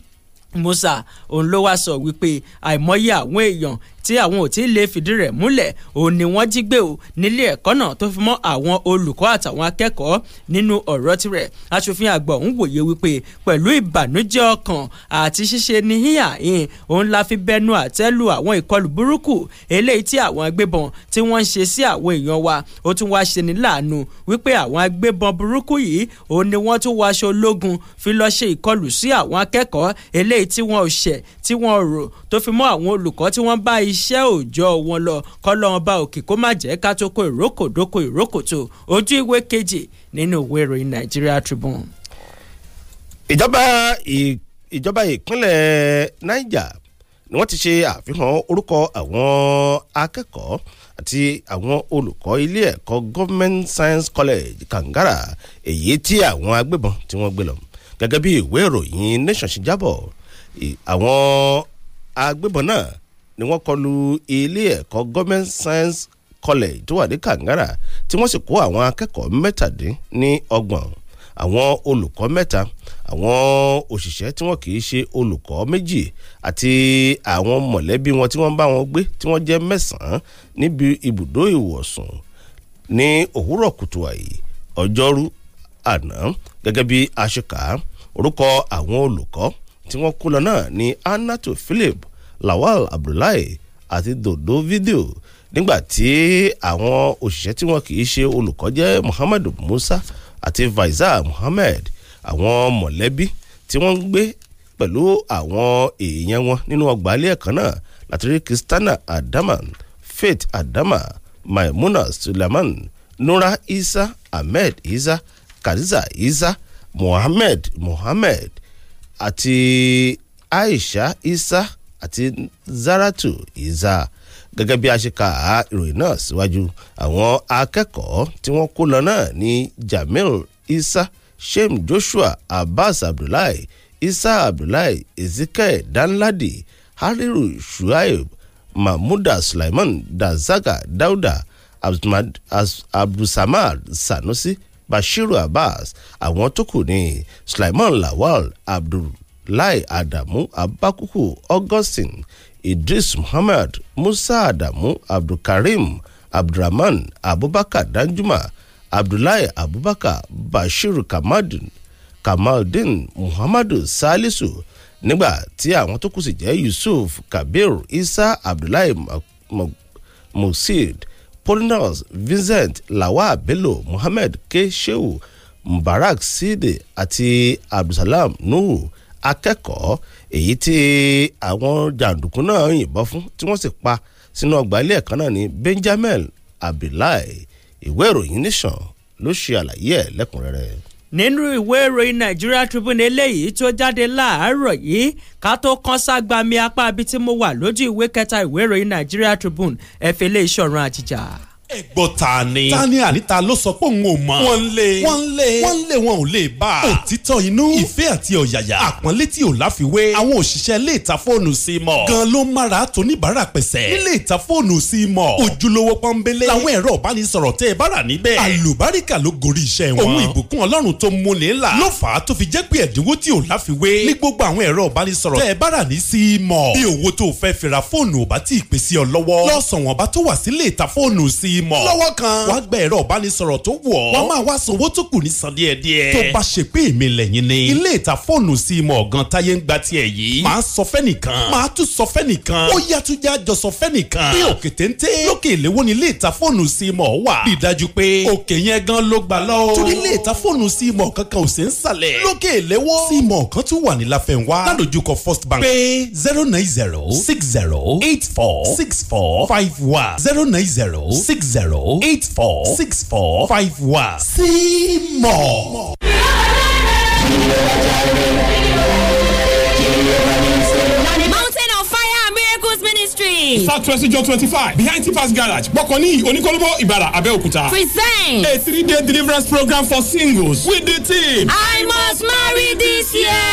Musa òun ló wá sọ wípé àìmọye àwọn èèyàn tí àwọn ò tí ì lè fìdí rẹ̀ múlẹ̀ òun ni wọ́n jí gbé o nílé ẹ̀kọ́ náà tó fi mọ́ àwọn olùkọ́ àtàwọn akẹ́kọ̀ọ́ nínú ọ̀rọ̀ tirẹ̀ aṣòfin àgbà ọ̀hún wòye wípé pẹ̀lú ìbànújẹ́ ọkàn àti ṣíṣe ní híyà hìn òun la fi bẹnu àtẹ́ lu àwọn ìkọlù burúkú eléyìí tí àwọn agbébọn tí wọ́n ń ṣe sí àwọn èèyàn wa ó tún wáá ṣe ní láàánú wípé àwọn agbébọn burúkú yìí òun ni wọ́n tún wáṣọ ológun fi lọ ṣe ìkọlù sí iṣẹ́ òòjọ́ wọn lọ kọ́lọ́run bá òkè kó má jẹ́ ká tó kó ìrókòdókò ìrókòtò ojú ìwé kejì nínú ìwé ìròyìn Nigeria Tribune. ìjọba ìjọba ìpínlẹ̀ Niger ni wọ́n ti ṣe àfihàn orúkọ àwọn akẹ́kọ̀ọ́ àti àwọn olùkọ́ ilé ẹ̀kọ́ Government Science College Kangara èyí tí àwọn agbébọn tí wọ́n gbé lọ gẹ́gẹ́ bí ìwé ìròyìn Nation ṣe jábọ̀ àwọn agbébọn náà ni wọ́n kọlu ilé ẹ̀kọ́ government science college tó wà ní Kàngárà tí wọ́n sì kó àwọn akẹ́kọ̀ọ́ mẹ́tàdín ní ọgbọ̀n àwọn olùkọ́ mẹ́ta àwọn òṣìṣẹ́ tí wọ́n kì í ṣe olùkọ́ méjì àti àwọn mọ̀lẹ́bí wọn tí wọ́n bá wọn gbé tí wọ́n jẹ́ mẹ́sàn-án níbi ibùdó ìwọ̀sùn ní òwúrọ̀ kùtù àyè ọjọ́rú àná gẹ́gẹ́ bí aṣọkà orúkọ àwọn olùkọ́ tí wọ́n kó lọ náà ní Anato Philip Lawal Abdullahi àti Dodo Video nígbàtí àwọn òṣìṣẹ́ tí wọn kì í ṣe olùkọ́ jẹ́ Muhammad Musa àti Faisal Muhammad àwọn mọ̀lẹ́bí tí wọ́n ń gbé pẹ̀lú àwọn èèyàn wọn nínú ọgbà ilé ẹ̀kọ́ náà láti Kristana Adama Faith Adama Maimuna Suleiman Nura Isa Ahmed Isa Kadiza Isa Mohammed Mohammed àti Aisha Isa àti Zaratu Isa gẹ́gẹ́ bí a ṣe ka ìròyìn náà síwájú àwọn akẹ́kọ̀ọ́ tí wọ́n kó lọ náà ní Jamil Isa Shem Joshua Abbas Abdullahi Isa Abdullahi Ezekiel Danladi Hariru Shuaib Mahmuda Suleiman Dazaga Dauda Abdulsamad Sanusi Bashiru Abbas àwọn tó kù ní Sulaiman Lawal Abdul lai adamu abakuku augustine idris muhammad musa adamu abdulkareem abdulrahman abubakar danjuma abdullahi abubakar Bashir kamadun kamaldin muhammadu salisu nígbà tí àwọn tó kù sì jẹ́ yusuf kabir isa abdullahi musid polinus vincent lawal bello muhammed k sheu mubarak sidi àti abdulsalam nuhu akẹ́kọ̀ọ́ èyí tí àwọn jàǹdùkú náà yìnbọn fún tí wọ́n sì pa sínú ọgbà ilé ẹ̀kọ́ náà ní Benjamin Abilai ìwé ìròyìn Nation ló ṣe àlàyé ẹ̀ lẹ́kùnrẹ́rẹ́ nínú ìwé ìròyìn Nigeria Tribune eléyìí tó jáde láàárọ̀ yìí ká tó kán ságbami apá ibi tí mo wà lójú ìwé kẹta ìwé ìròyìn Nigeria Tribune ẹ lé iṣẹ́ ọ̀run àjìjà ẹ̀gbọ́n ta ni. ta ni àníta ló sọ pé òun ò mọ̀. wọ́n ń lé wọ́n ń lé wọ́n ń lé wọn ò lè bá a. òtítọ́ inú. ìfẹ́ àti ọ̀yàyà. àpọ́nlé tí ò láfiwé. àwọn òṣìṣẹ́ ilé ìta fóònù sí mọ̀. gan ló mára tóníbàárà pẹ̀sẹ̀. nílé ìta fóònù sí mọ̀. ojúlówó pọ́nbélé. làwọn ẹ̀rọ ìbánisọ̀rọ̀ tẹ́ ẹ bára níbẹ̀. àlùbáríkà ló gorí iṣẹ́ wọn. òun ìbùkún ọlọ́run tó múlẹ̀ fi jẹ́ pé ẹ̀dínwó tí ò láfiwé. ní gbogbo àwọn ẹ̀rọ ìbánisọ̀rọ̀ tẹ́ ẹ bára ní sí mọ̀. bí owó tó fẹ́ fira fóònù ò bá tí ì ìgbìmọ̀ lọ́wọ́ kan wàá gba ẹ̀rọ ìbánisọ̀rọ̀ tó wọ̀ ọ́ wọ́n máa wá sanwó tó kù ní san díẹ̀díẹ̀ tó bá ṣe pé èmi lẹ́yìn ni ilé ìta fóònù sí ìmọ̀ ọ̀gán táyé ń gba tiẹ̀ yìí máa sọ fẹ́nìkan máa tún sọ fẹ́nìkan ó yá tún já jọ sọ fẹ́nìkan bí òkè téńté lókè ìléwó ni ilé ìta fóònù sí ìmọ̀ wà bí dájú pé òkè yẹn gan ló gbà lọ o torí ilé ìta fóònù sí ìmọ̀ kankan first bank pé zero nine zero six zero eight four six four five one zero nine zero six zero eight four six four five one. see more. eight twenty jọ twenty five behind Tifas garage gbọ́kànní oníkólóbó ìbàrà abẹ́òkúta. present a three day deliverance program for singles with the team. i must marry this year.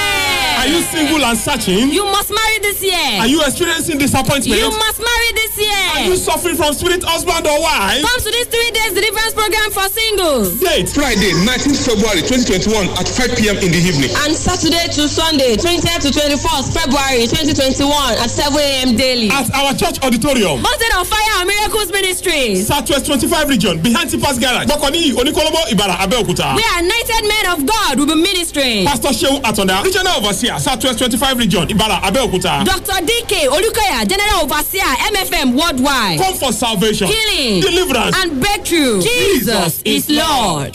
are you single and searching. you must marry this year. are you experiencing disappointment. you must marry this year. are you suffering from spirit husband or wife. come to this three days deliverance program for singles. date friday nineteen february twenty twenty one at five pm in the evening. and saturday to sunday twentieth to twenty-first february twenty twenty one at seven am daily. at our church auditorium. mountain of fire and miracles ministry. southwest twenty-five region behind tipas garage gbọ́kọ̀níyì oníkólóbó ìbàrà abẹ́òkúta. we are united men of God will be ministering. pastor seun atonda regional overseer southwest twenty-five region ìbàrà abẹ́òkúta. dr dk olukoya general overseer mfm worldwide. come for salvation healing deliverance and breakthrough. jesus, jesus is lord.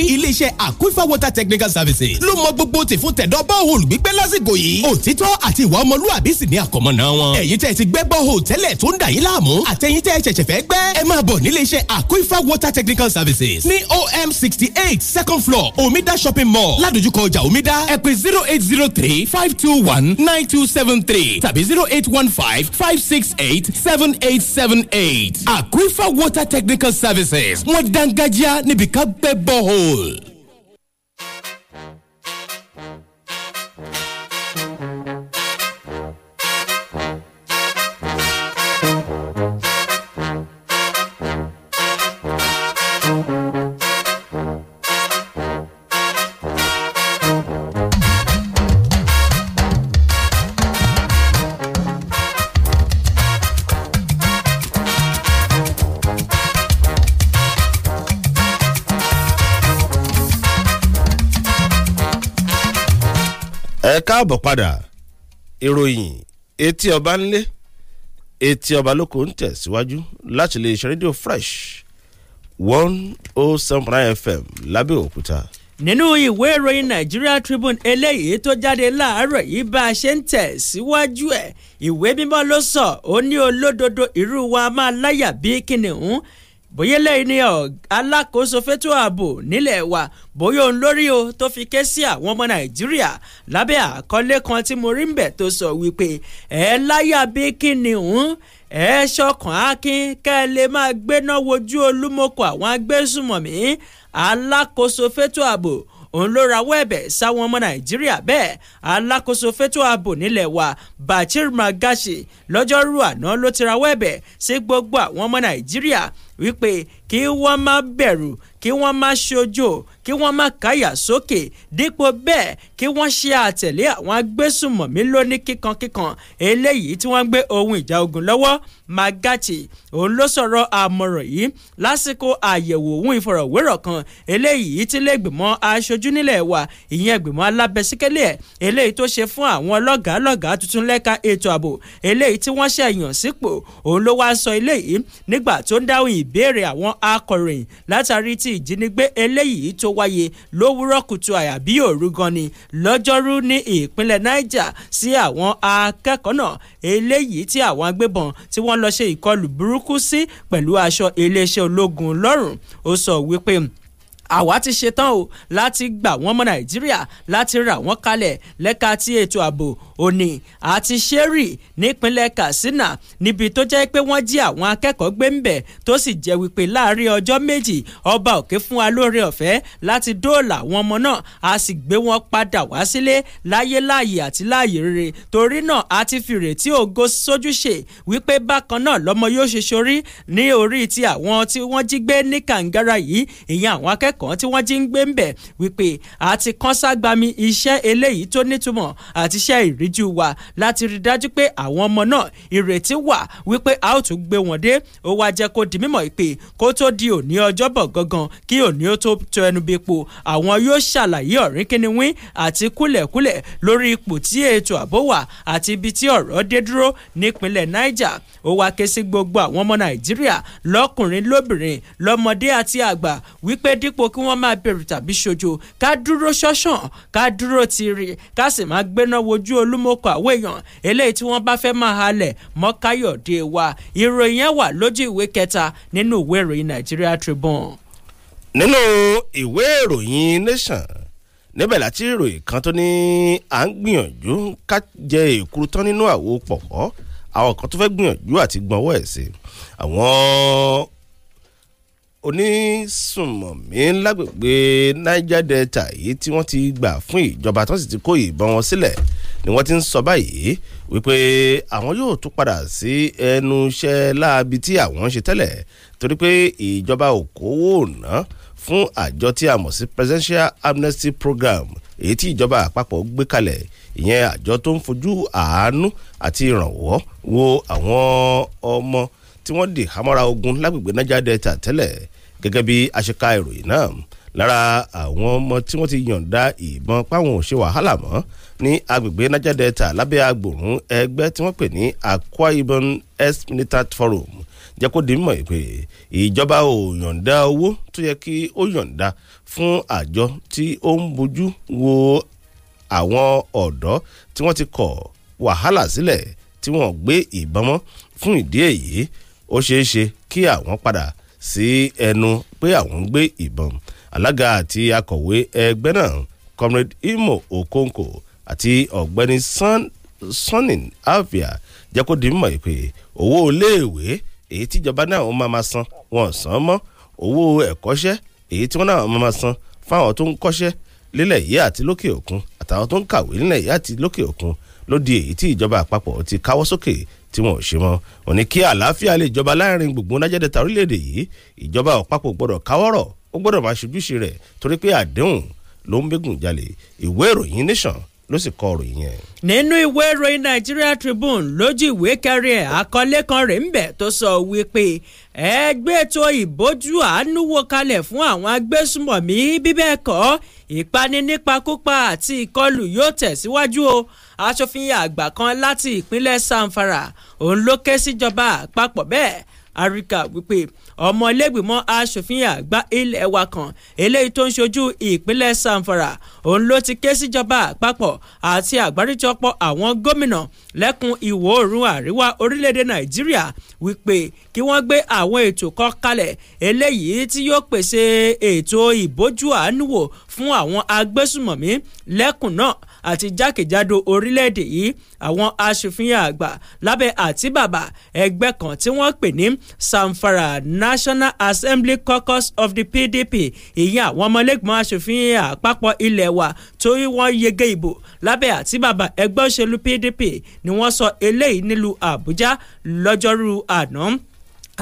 iléeṣẹ́ aquifer water technical services ló mọ gbogbo tì fún tẹ̀dọ́ bọ́ọ̀hùn gbígbẹ́ lásìkò yìí òtítọ́ àti ìwà ọmọlúwàbí sì ní àkọ́mọ́ná wọn. ẹ̀yin tẹ́ ti gbẹ́ bọ́ọ̀hùn tẹ́lẹ̀ tó ń dà yín láàmú àtẹ̀yin tẹ́ ṣẹ̀ṣẹ̀ fẹ́ gbẹ́ ẹ máa bọ̀ níléeṣẹ́ aquifer water technical services ní om sixty eight second floor omida shopping mall ládojúkọ ọjà omida ẹ pè zero eight zero three five two one nine two seven three tàbí zero eight one five five six eight seven eight seven eight aquifer water technical services wọ́n dángájá níbi ká gbẹ́ bọ́ọ̀hùn. Bull. káàbọ̀ padà ìròyìn etí ọba ńlẹ̀ etí ọba lóko ń tẹ̀síwájú láti lè ṣe rédíò fresh one oh seven nine fm lábẹ́òkúta. nínú ìwé ìròyìn Nigeria Tribune eléyìí tó jáde láàárọ̀ yìí bá a ṣe ń tẹ̀síwájú ẹ̀ ìwé mímọ́ ló sọ ó ní olódodo irú wa máa láyà bí kìnìún bóyá lẹ́yìn ni alákòóso fétò ààbò nílẹ̀ wa bóyá òun lórí o tó fi ké sí àwọn ọmọ nàìjíríà lábẹ́ àkọlé kan tí mo rí ń bẹ̀ tó sọ wípé ẹ láyà bí kí ni òun ẹ ṣọkàn akin kẹ́ ẹ lè máa gbéná wojú olúmọkọ àwọn agbésùmọ̀mí alákòóso fétò ààbò òun ló rawọ́ ẹ̀bẹ̀ sáwọn ọmọ nàìjíríà bẹ́ẹ̀ alákòóso fétò ààbò nílẹ̀ wa bachir magashi lọ́jọ́rú àná ló ti rawọ́ ẹ̀bẹ̀ sí gbogbo àwọn ọmọ nàìjíríà wípé kí wọ́n má bẹ̀rù kí wọ́n má ṣojo kí wọ́n má káyà sókè dípò bẹ́ẹ̀ kí wọ́n ṣe àtẹ̀lé àwọn agbésùmọ̀mí lóní kíkankíkan eléyìí tí wọ́n ń gbé ohun ìjà ogun lọ́wọ́ Magati òun ló sọ̀rọ̀ àmọ̀ràn yìí lásìkò àyẹ̀wò ohun ìfọ̀rọ̀wérọ̀ kan eléyìí tí lẹ́gbìmọ̀ aṣojú nílẹ̀ wa ìyẹn gbìmọ̀ alábẹ́síkẹ́lẹ̀ ẹ̀ eléyìí tó ṣe fún àwọn lọ́gàá lọ́gàá tuntun lẹ́ka ètò ààbò eléyìí tí wọ́n ṣẹ̀yàn sípò òun ló wá sọ eléyìí nígbà tó ń dáhùn ìbéèrè àwọn akọ̀ròyìn látàrí tí ìjínigbé eléyìí tó wáyé lówùúrọ̀ kùtù àyàbí òru gan ni lọ́jọ́rú ní ìpínlẹ̀ niger sí àwọn akẹ́kọ̀ọ́ náà eléyìí tí àwọn agbébọn tí wọ́n lọ ṣe ìkọlù burúkú sí pẹ̀lú aṣọ iléeṣẹ́ ológun lọ́rùn ó sọ wípé àwa ti ṣetán o láti gbà wọ́n mọ́ nàìjíríà láti rà wọ́n kalẹ̀ lẹ́ka ti ètò ààbò òní àti ṣẹ́rì nípínlẹ̀ katsina níbi tó jẹ́ pé wọ́n jí àwọn akẹ́kọ̀ọ́ gbé ń bẹ̀ tó sì jẹ́ wípé láàrin ọjọ́ méjì ọba òkè fún wa lóore ọ̀fẹ́ láti dóòlà àwọn ọmọ náà a sì gbé wọn padà wá sílé láyé láàyè àti láàyè rere torí náà a ti fi ìrètí ògo sójúṣe wípé bákan náà lọ́mọ yóò ṣe sorí ní orí ti àwọn tí wọ́n jí gbé ní kàǹgára yìí ìyẹn àwọn akẹ́kọ̀ọ́ akẹ́kọ̀ọ́ tí wọ́n jí ń gbé ń bẹ̀ wípé àti kọ́nságbami iṣẹ́ eléyìí tó nítumọ̀ àti iṣẹ́ ìríjú wa láti rí dájú pé àwọn ọmọ náà ìrètí wà wípé a ó tún gbé wọn dé ó wá jẹ́ kó di mímọ̀ pé kó tó di òní ọjọ́bọ̀ gangan kí òní ó tó tó ẹnu bí epo àwọn yóò ṣàlàyé ọ̀rín kíniwín àti kúlẹ̀kúlẹ̀ lórí ipò tí ètò ààbò wà àti ibi tí ọ̀rọ̀ dé dúró nípínlẹ̀ Niger ó wá ké sí gbogbo àwọn ọmọ Nàìjíríà lọ́kùnrin lóbìnrin lọ́mọdé àti àgbà wípé dípò kí wọ́n máa bẹ̀rù tàbí ṣojo ká dúró ṣọ́ṣàn ká dúró tiri ká sì máa gbéná wojú olúmọ̀kọ àwọn èèyàn eléyìí tí wọ́n bá fẹ́ máa halẹ̀ mọ́ káyọ̀dé wa ìròyìn yẹn wà lójú ìwé kẹta nínú ìwé ìròyìn Nigeria Tribune. nínú ìwé ìròyìn Nation níbẹ̀ láti ìròyìn kan tó ní à ń gbìyànjú ká jẹ èkuru tán nínú àwo pọ̀pọ̀ àwọn kan tó fẹ́ gbìyànjú àti gbọ́nwọ́ ẹ̀ sí àwọn onísùnmọ̀mí lágbègbè niger delta yìí tí wọ́n ti gbà fún ìjọba tó sì ti kó ìbọn wọn sílẹ̀ ni wọ́n ti ń sọ báyìí wípé àwọn yóò tún padà sí ẹnu iṣẹ́ láabi tí àwọn ń ṣe tẹ́lẹ̀ torí pé ìjọba ò kówó fún àjọ tí a mọ̀ sí presidential amnesty program èyí tí ìjọba àpapọ̀ gbé kalẹ̀ ìyẹn àjọ tó ń fojú àánú àti ìrànwọ́ wo àwọn ọmọ tí wọ́n dì hámọ́ra ogun lágbègbè niger delta tẹ́lẹ̀ gẹ́gẹ́ bí aṣeka ìròyìn náà lára àwọn ọmọ tí wọ́n ti yọ̀ǹda ìbọn páwọn ò ṣe wàhálà mọ́ ní agbègbè Niger Delta lábẹ́ agbòrún ẹgbẹ́ tí wọ́n pè ní Akwa Ibom ex-militant forum jẹ́ kó di mímọ̀ pé ìjọba ò yọ̀ǹda owó tó yẹ kí ó yọ̀ǹda fún àjọ tí ó ń bójú wo àwọn ọ̀dọ́ tí wọ́n ti kọ̀ wàhálà sílẹ̀ tí wọ́n gbé ìbọn mọ́ fún ìdí èyí ó ṣeé ṣe kí àwọn padà sí ẹnu pé àwọn ń gbé ìbọn alága àti akọ̀wé ẹgbẹ́ náà comrade imo okonko àti ọ̀gbẹ́ni sonin avia jẹ́ kó di mọ̀ pé owó iléèwé èyí tíjọba náà wọ́n máa san wọn san mọ́ owó ẹ̀kọ́ṣẹ́ èyí tí wọ́n náà máa san fáwọn tó ń kọ́ṣẹ́ lílẹ̀ yìí àti lókè òkun àtàwọn tó ń kàwé nílẹ̀ yìí àti lókè òkun ló di èyí tí ìjọba àpapọ̀ ti káwọ́ sókè tí wọn ò ṣe mọ́ wọn ní kí àlàáfíà lè jọba láàrin gbùngbùn Niger Delta orílẹ̀-èdè yìí ìjọba àpapọ̀ gbọ́dọ̀ káwọ́rọ̀ ó gbọ́dọ̀ máa ṣojúṣe rẹ̀ torí pé àdéhùn ló ń gbégùn jalè ìwé ìròyìn Nation ló sì kọ ọ̀rọ̀ yẹn. nínú ìwé ìròyìn Nigeria Tribune lójú ìwé kẹrin ẹ̀ àkọlé kan rèé ńbẹ̀ tó sọ wípé ẹgbẹ́ ètò ìbójú àánú wò kalẹ̀ fún àwọn agbésùmọ̀mí bíbẹ́ẹ̀ kọ́ ìpani nípakúpa àti aṣòfin àgbà kan láti ìpínlẹ̀ Samfara òun ló ké síjọba àpapọ̀ bẹ́ẹ̀ arika wípé ọmọ ilégbìmọ̀ asòfin àgbà ilé wa kan eléyìí tó ń ṣojú ìpínlẹ̀ Samfara òun ló ti ké síjọba àpapọ̀ àti àgbáríjọpọ̀ àwọn gómìnà lẹ́kùn ìwọ̀ oòrùn àríwá orílẹ̀-èdè Nàìjíríà wípé kí wọ́n gbé àwọn ètò kan kalẹ̀ eléyìí tí yóò pèsè ètò ìbójú àánú wò fún àwọn agbésùmọ̀mí lẹ́kùn náà àti jákèjádò orílẹ̀-èdè yìí àwọn aṣòfin àgbà lábẹ́ àtíbàbà ẹgbẹ́ kan tí wọ́n pè ní Samfara National Assembly Caucus of the PDP ìyẹn àwọn ọmọlẹ́gbọ̀n aṣòfin àpapọ̀ ilẹ̀ wa torí wọ́n yege ìbò lábẹ́ àti bàbá ẹgbẹ́ òṣèlú PDP ni wọ́n sọ eléyìí nílùú Àbújá lọ́jọ́rú àná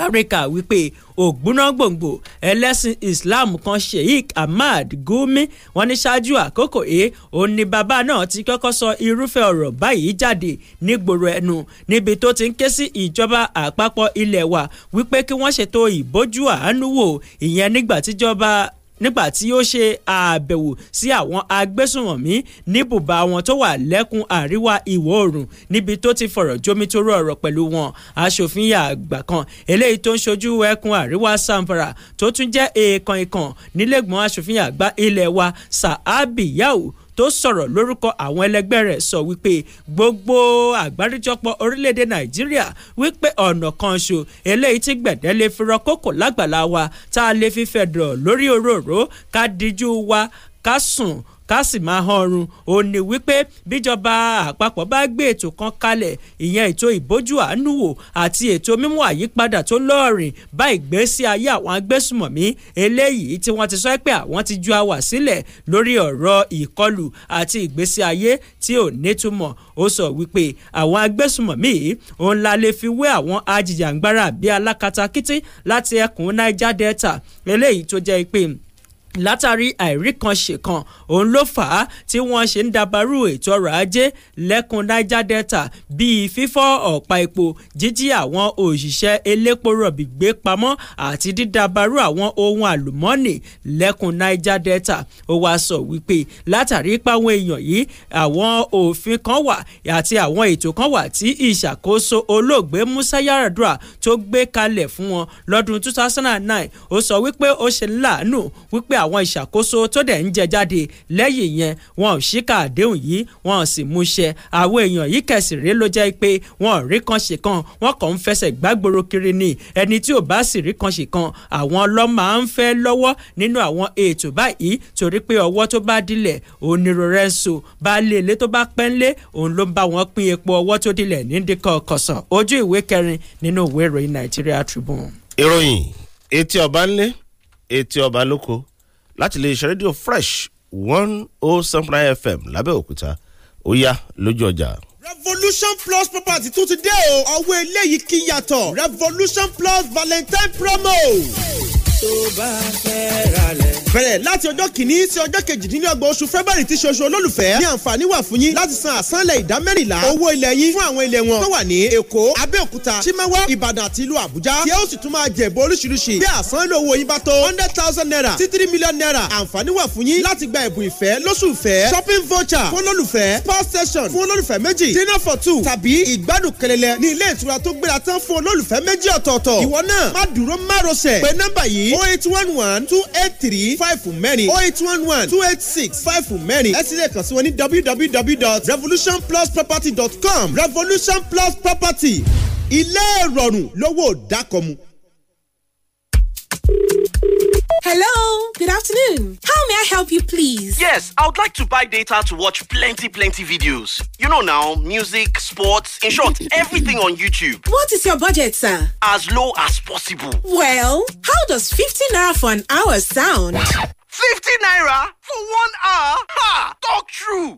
áfíríkà wípé ògbóná gbòǹgbò ẹlẹ́sìn islam kan sheikh ahmad gumi wọ́n ní ṣáájú àkókò yìí òun ni bàbá náà ti kọ́kọ́ sọ irúfẹ́ ọ̀rọ̀ báyìí jáde nígboro ẹnu níbi tó ti ń ké sí ìjọba àpapọ̀ ilẹ̀ wa wípé kí wọ́n ṣètò ìbójú àánú wò ìyẹn nígbà tíjọba nígbà tí ó ṣe àbẹ̀wò sí àwọn agbésùnmọ̀mí ní bùbá wọn tó wà lẹ́kùn àríwá ìwọ̀ oòrùn níbi tó ti fọ̀rọ̀ jomitoro ọ̀rọ̀ pẹ̀lú wọn aṣòfin àgbà kan eléyìí tó ń ṣojú ẹkùn àríwá Zamfara tó tún jẹ́ èèkàn ìkàn nílẹ̀gbọ̀n aṣòfin àgbà ilẹ̀ wa Sa'abi Yau tó sọ̀rọ̀ lórúkọ àwọn ẹlẹgbẹ́ rẹ̀ sọ wípé gbogbo àgbáríjọpọ̀ orílẹ̀-èdè nàìjíríà wípé ọ̀nà kan ṣo eléyìí tí gbẹ̀dẹ́ lè fi rọkókò lágbàlá wa tá a lè fi fẹ̀dọ̀ lórí òróró ká díjú wa ká sùn ká sì máa hàn ọrùn ó ní wípé bíjọba àpapọ̀ bá gbé ètò kan kalẹ̀ ìyẹn ètò ìbójú àánú wò àti ètò mímú àyípadà tó lọ́ọ̀rìn bá ìgbésí ayé àwọn agbésùmọ̀mí eléyìí tí wọ́n ti sọ pé àwọn ti ju àwà sílẹ̀ lórí ọ̀rọ̀ ìkọlù àti ìgbésí ayé tí ò nítumọ̀ ó sọ wípé àwọn agbésùmọ̀mí yìí òun la lè fi wé àwọn ajìjàǹgbara bíi alákatakítí láti ẹkùn Niger Delta eléyìí tó jẹ́ ìpín látàrí àìríkanṣèkan òun ló fà á tí wọ́n ṣe ń dàbàrú ètò ọrọ̀ ajé lẹ́kùn niger delta bíi fífọ́ ọ̀pá epo jíjí àwọn òṣìṣẹ́ elépo rọ̀bì gbé pamọ́ àti dídàbàrú àwọn ohun àlùmọ́ọ́nì lẹ́kùn niger delta ó wáá sọ wípé látàrí páwọn èèyàn yìí àwọn òfin kan wà àti àwọn ètò kan wà tí ìṣàkóso olóògbé musa yaradua tó gbé kalẹ̀ fún wọn lọ́dún 2009 ó sọ wípé ó ṣe láàánú wípé àwọn àwọn ìṣàkóso tó dẹ̀ ń jẹ jáde lẹ́yìn yẹn wọn ò ṣíkà àdéhùn yìí wọn ò sì múṣẹ àwọn èèyàn yìí kẹsìrè ló jẹ́ pé wọn ò rí kan ṣe kan wọn kàn ń fẹsẹ̀ gbàgbóró kiri ni ẹni tí ò bá sì rí kan ṣe kan àwọn ló máa ń fẹ́ lọ́wọ́ nínú àwọn ètò báyìí torí pé ọwọ́ tó bá dilẹ̀ onírò ń so baálé ilé tó bá pẹ́ ńlé òun ló ń bá wọn pín epo ọwọ́ tó dilẹ̀ nídìíkọ̀ etí ọba ńlé etí ọba lóko láti iléeṣẹ́ rédíò fresh one oh seven nine fm lábẹ́òkúta ó yá lójú ọjà. Revolution Plus property tún ti dé o ọwọ́ eléyìí kì í yàtọ̀ Revolution Plus Valentine promo. tó bá fẹ́ ra lẹ̀ bẹ̀rẹ̀ láti ọjọ́ kìíní sí ọjọ́ kejìdínlọ́gbọ̀n oṣù fẹ́bẹ̀rì tí ṣoṣo olólùfẹ́ ní àǹfààní wà fún yín láti san àsánlẹ̀ ìdá mẹ́rìnlá owó ilẹ̀ yín fún àwọn ilẹ̀ wọn tó wà ní èkó abẹ́òkúta chimawa ìbàdàn àti ìlú àbújá tí ó sì tún máa jẹ̀bọ̀ oríṣiríṣi bí àsánlẹ̀ owó yín bá tó hundred thousand naira sí three million naira àǹfààní wà fún yín láti gba ẹ̀bùn ìfẹ́ lóṣù ìfẹ́ shopping voucher fún olólùfẹ́ power station fún olólùfẹ́ méjì dinner for two tàbí ìgbádùn kẹlẹlẹ ní ilé ìtura tó gbéra tán fún olólùfẹ́ méjì ọ̀tọ̀ọ̀tọ̀ ìwọ náà má dúró má rọsẹ̀ pé nọ́mbà yìí oh eight one one two eight three five fún mẹ́rin oh eight one one two eight six five fún mẹ́rin ẹ sì lè kàn sí wọn ní www.revolutionplusproperty.com revolution plus property ilé ìrọ̀rùn lówó dákọ̀mu. Hello, good afternoon. How may I help you, please? Yes, I would like to buy data to watch plenty, plenty videos. You know now, music, sports, in short, everything on YouTube. What is your budget, sir? As low as possible. Well, how does 50 naira for an hour sound? 50 naira for one hour? Ha! Talk true!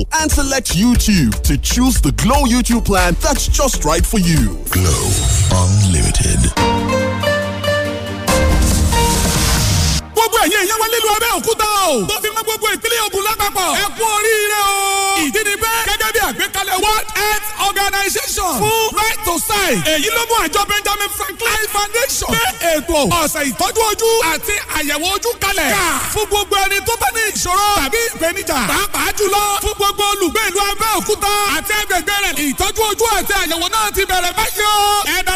Google and select YouTube to choose the Glow YouTube plan that's just right for you. Glow Unlimited. gbogbo o. tó fi mọ́ gbogbo ìpínlẹ̀ Ògùn lápapọ̀. ẹ kú organisation fún right to sight èyí ló mú àjọ Benjamin Franklin foundation gbé ètò ọ̀sẹ̀ ìtọ́jú ojú àti àyẹ̀wò ojú kalẹ̀ ká fún gbogbo ẹni tó bá ní ìṣòro tàbí ìpèníjà pàápàá jùlọ fún gbogbo olùgbé ìlú Abẹ́òkúta àti ẹgbẹ̀gbẹ̀ rẹ̀ ìtọ́jú ojú àti àyẹ̀wò náà ti bẹ̀rẹ̀ báyìí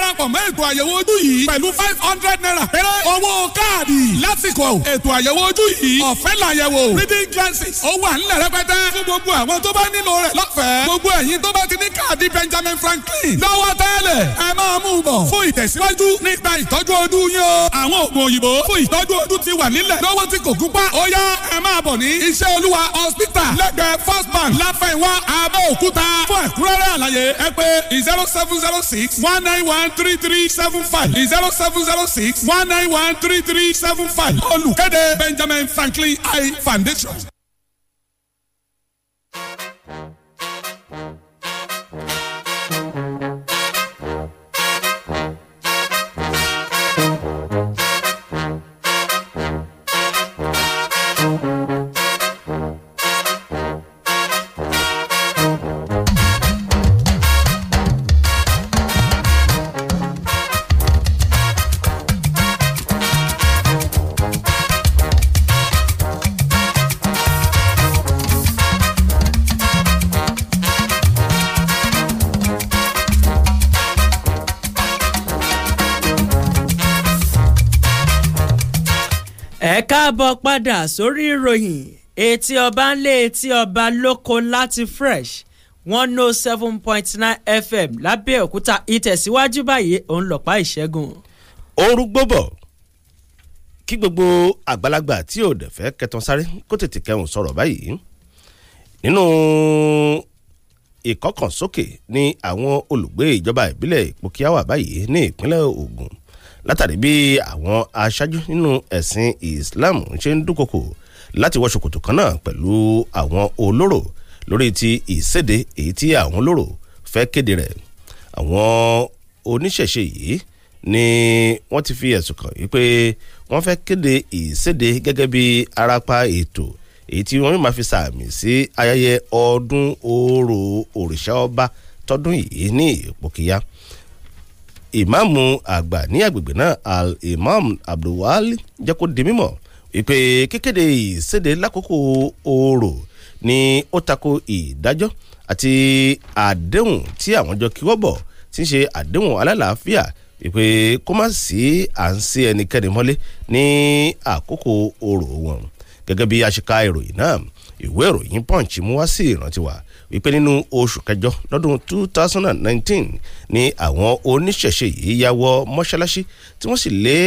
ètò àyẹ̀wò ojú yìí pẹ̀lú five hundred naira péré owó káàdì lásìkò ètò àyẹ̀wò ojú yìí ọ̀fẹ́ làyẹ̀wò reading glasses ó wà nílẹ̀ rẹpẹtẹ fún gbogbo àwọn tó bá nílò rẹ̀ lọ́fẹ̀ẹ́ gbogbo ẹ̀yin tó bá ti ní káàdì Benjamin Franklin lọ́wọ́ tẹ́lẹ̀ ẹ máa mú un bọ̀ fún ìtẹ̀síwájú nípa ìtọ́jú ojú yín o àwọn oògùn òyìnbó fún ìtọ́jú ojú ti wà nílẹ̀ lọ́wọ́ tí kò gúnpá ó yá ẹ máa bọ̀ ní iṣẹ́ olúwa hospital lẹ́gbẹ̀ẹ́ first bank láfẹ̀wá abẹ́òkúta fún ẹ̀kúrẹ́rẹ́ àlàyé ẹ pè zero seven zero six one nine one three three three seven five zero seven zero six one nine one three three seven five olùkéde Benjamin Franklin I Foundation. káàbọ̀ padà sórí ìròyìn etí ọba ń lé etí ọba lóko láti fresh one oh seven point nine fm lábẹ́òkúta ìtẹ̀síwájú báyìí òun lọ́pá ìṣẹ́gun. ooru gbóbọ̀ kí gbogbo àgbàlagbà tí ò dẹ̀ fẹ́ kẹtàn sáré kó tètè kẹrùn sọ̀rọ̀ báyìí nínú ìkọkànsókè ni àwọn olùgbé ìjọba ìbílẹ̀ ìpókíáwà báyìí ní ìpínlẹ̀ Ògùn látàrí bí àwọn aṣáájú nínú ẹ̀sìn Islam ṣe ń dúnkokò láti wọ ṣòkòtò kan náà pẹ̀lú àwọn olóró lórí ti ìséde èyí tí àwọn olóró fẹ́ kéde rẹ̀ àwọn oníṣẹ̀ṣe yìí ni wọ́n ti fi ẹ̀sùn kàn wípé wọ́n fẹ́ kéde ìséde gẹ́gẹ́ bí arapa ètò èyí tí wọ́n yóò máa fi sàmì sí ayẹyẹ ọdún orò òrìṣà ọba tọdún yìí ní ìpòkíyà. E ìmáàmù àgbà ní agbègbè náà al-imam abdulwali jẹ́ kó di mímọ̀ wípé kékeré ìséde lákòókò oòrò ni ó tako ìdájọ́ àti àdéhùn tí àwọn jọ kíwọ́ bọ̀ tí ń ṣe àdéhùn alálàáfíà wípé kó má sí à ń sí ẹnikẹ́ni mọ́lé ní àkókò oòrò wọn gẹ́gẹ́ bí aṣíká ìròyìn náà ìwé ìròyìn punch mú wá sí ìrántí wa wípé nínú oṣù kẹjọ lọ́dún two thousand and nineteen ni àwọn oníṣẹ̀ṣe yìí ya wọ mọ́ṣáláṣí tí wọ́n sì lé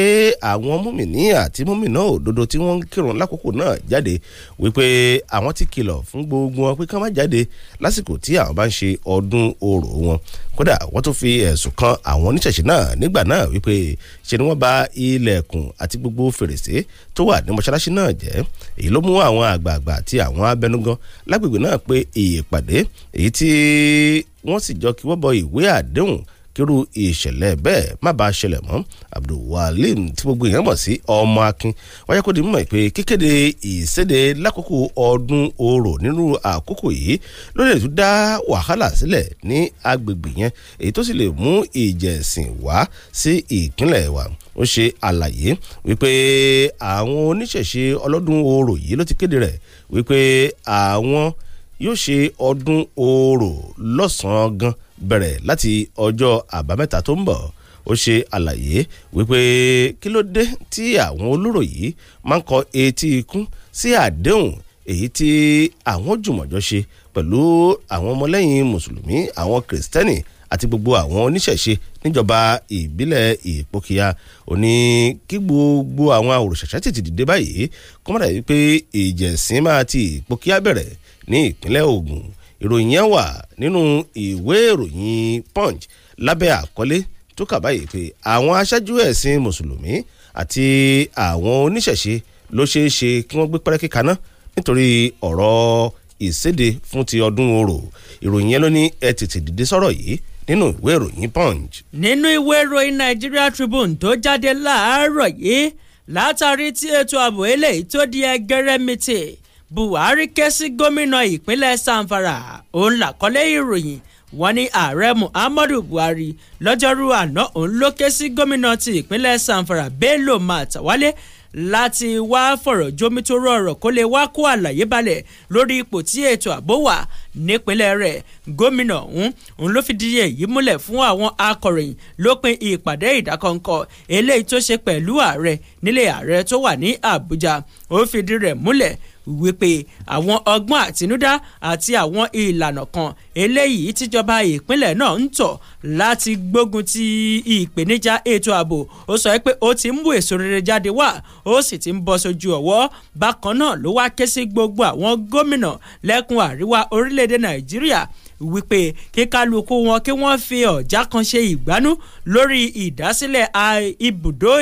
àwọn múmìnì àti múmìnà òdodo tí wọ́n ń kírun lákòókò náà jáde wípé àwọn ti kìlọ̀ fún gbogbo wọn pé ká má jáde lásìkò tí àwọn bá ń ṣe ọdún orò wọn kódà wọ́n tún fi ẹ̀sùn kan àwọn oníṣẹ̀ṣe náà nígbà náà wípé ṣe ni wọ́n bà ilẹ̀kùn àti gbogbo fèrèsé tó wà ní mọ́ṣáláṣí náà jẹ́ èyí ló mú àwọn àgbààgbà àti àwọn abẹnugan lágbègbè náà pé ìyèpàdé èyí tí wọ́n sì jọ kí wọ́n bọ ìwé àdéhùn kírú ìṣẹ̀lẹ̀ bẹ́ẹ̀ má bàa ṣẹlẹ̀ mọ́ abdulwalim tí gbogbo èèyàn mọ̀ sí ọmọ akin wáyé kó di mímọ̀ pé kíkéde ìséde lákòókò ọdún orò nínú àkókò yìí ló lè tún dá wàhálà sílẹ̀ ní agbègbè yẹn èyí tó sì lè mú ìjẹ̀sìn wá sí ìpínlẹ̀ wa ó ṣe àlàyé wípé àwọn oníṣẹ̀ṣe ọlọ́dún orò yìí ló ti kéde rẹ̀ wípé àwọn yóò ṣe ọdún orò lọ́sàn-án gan-an bẹ̀rẹ̀ láti ọjọ́ àbámẹ́ta tó ń bọ̀ ó ṣe àlàyé wípé kí ló dé tí àwọn olóròyìn máa ń kọ etí ikún sí àdéhùn èyí tí àwọn jùmọ̀jọ ṣe pẹ̀lú àwọn ọmọlẹ́yìn mùsùlùmí àwọn kìrìsìtẹ́nì àti gbogbo àwọn oníṣẹ̀ṣe níjọba ìbílẹ̀ ìpókíà ó ní kí gbogbo àwọn òrìṣàṣà tètè dìde báyìí kọ́mọ́dà yìí pé ìjẹ̀sìn máa ti ìpókíà bẹ̀rẹ̀ ní ìpínlẹ̀ Ògùn ìròyìn yẹn wà nínú ìwé ìròyìn punch lábẹ́ àkọlé tó kà báyìí pé àwọn aṣáájú ẹ̀sìn mùsùlùmí àti àwọn oníṣẹ̀ṣe ló ṣeé ṣe kí wọ́n gbé pẹ́rẹ́kì kaná nítorí ọ̀rọ̀ ìséde fún ti ọdún orò ìròyìn yẹn ló ní ẹ tètè dìde sọ̀rọ̀ yìí nínú ìwé ìròyìn punch. nínú ìwé ìròyìn Nigeria Tribune tó jáde láàárọ̀ yìí látàrí tí ètò ààbò eléyìí tó di ẹgẹrẹmìtì buhari ké sí gómìnà ìpínlẹ̀ sanfara òun làkọ́lé ìròyìn wọ́n ní ààrẹ muhammadu buhari lọ́jọ́rú àná òun ló ké sí gómìnà ti ìpínlẹ̀ sanfara bello matawalle láti wá fọ̀rọ̀ jomitoro ọ̀rọ̀ kó lè wá kó àlàyé balẹ̀ lórí ipò tí ètò ààbò wà nípínlẹ̀ rẹ̀ gómìnà ọ̀hún òun ló fi di èyí múlẹ̀ fún àwọn akọ̀ròyìn lópin ìpàdé ìdákọ̀ǹkọ̀ eléyìí tó ṣe pẹ̀lú ààrẹ nílé ààrẹ tó wà ní àbújá ó fìdí rẹ̀ múlẹ̀ wípé àwọn ọgbọ́n àtinúdá àti àwọn ìlànà kan eléyìí tíjọba ìpínlẹ̀ náà ń tọ̀ láti gbógun ti ìpèníjà ètò ààbò ó sọ pé ó ti ń mú èso rere jáde wá ó sì ti ń bọ́ sójú ọ̀wọ́ bákan náà ló wá ké sí gbogbo àwọn gómìnà lẹ́kùn àríwá orílẹ̀-èdè nàìjíríà wípé kíkálukú wọn kí wọ́n fi ọ̀já kan ṣe ìgbánú lórí ìdásílẹ̀ ibùdó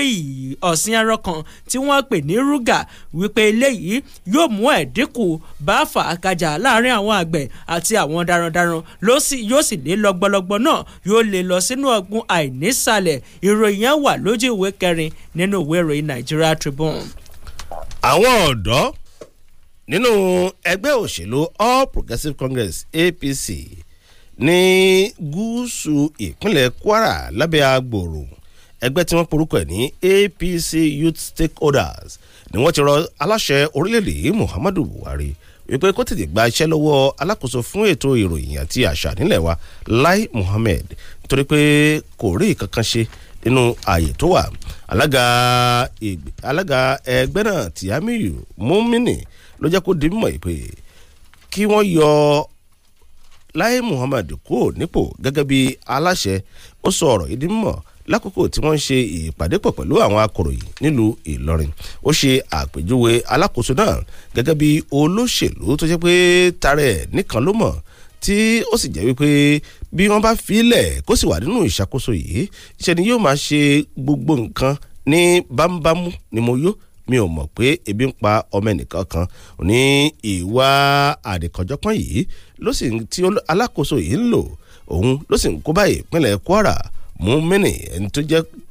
ọ̀sìn ẹran kan tí wọ́n pè ní rúgà wípé eléyìí yóò mú ẹ̀dínkù bá fàákàjà láàrin àwọn àgbẹ̀ àti àwọn darandaran yóò sì lé lọ́gbọ́lọ́gbọ́ náà yóò lè lọ sínú ọ̀gbun àìnísàlẹ̀ ìròyìn yẹn wà lójú ìwé kẹrin nínú ìwé ìròyìn Nigeria Tribune. àwọn ọ̀dọ́ nínú ẹgbẹ́ òṣèlú all progressives congress apc ní gúúsù ìpínlẹ̀ kwara lábẹ́ agbòrò ẹgbẹ́ tí wọ́n porúkọ ẹ̀ ní apc youth stakeholders ni wọ́n ti rọ aláṣẹ orílẹ̀-èdè muhammadu buhari wípé kó tètè gba iṣẹ́ lọ́wọ́ alákòóso fún ètò ìròyìn àti àṣà nílẹ̀ wa lai muhammed torí pé kò rí kankan ṣe nínú ààyè tó wà alága ẹgbẹ́ náà tìyámíyù múmínì ló jẹ́ kó di mímọ̀ pé kí wọ́n yọ Lai Muhammed kúrò nípò gẹ́gẹ́ bí aláṣẹ ó sọ ọ̀rọ̀ yìí di mímọ̀ lákòókò tí wọ́n ń ṣe ìpàdé pọ̀ pẹ̀lú àwọn akọ̀ròyìn nílùú Ìlọrin ó ṣe àpèjúwe alákòóso náà gẹ́gẹ́ bí olóṣèlú tó jẹ́ pé tarẹ̀ nìkan ló mọ̀ tí ó sì jẹ́ wípé bí wọ́n bá filẹ̀ kó sì wà nínú ìṣàkóso yìí ṣe ni yóò máa ṣe gbogbo nǹkan ní bámbámú ni mo yó mi ò mọ̀ pé ebi ń pa ọmọ ẹnìkan kan ní ìwà àdìkànjọ́pọ́n yìí ló sì tí alákòóso yìí ń lò òun ló sì ń kó báyìí ìpínlẹ̀ Kwara mú mẹ́nì ẹni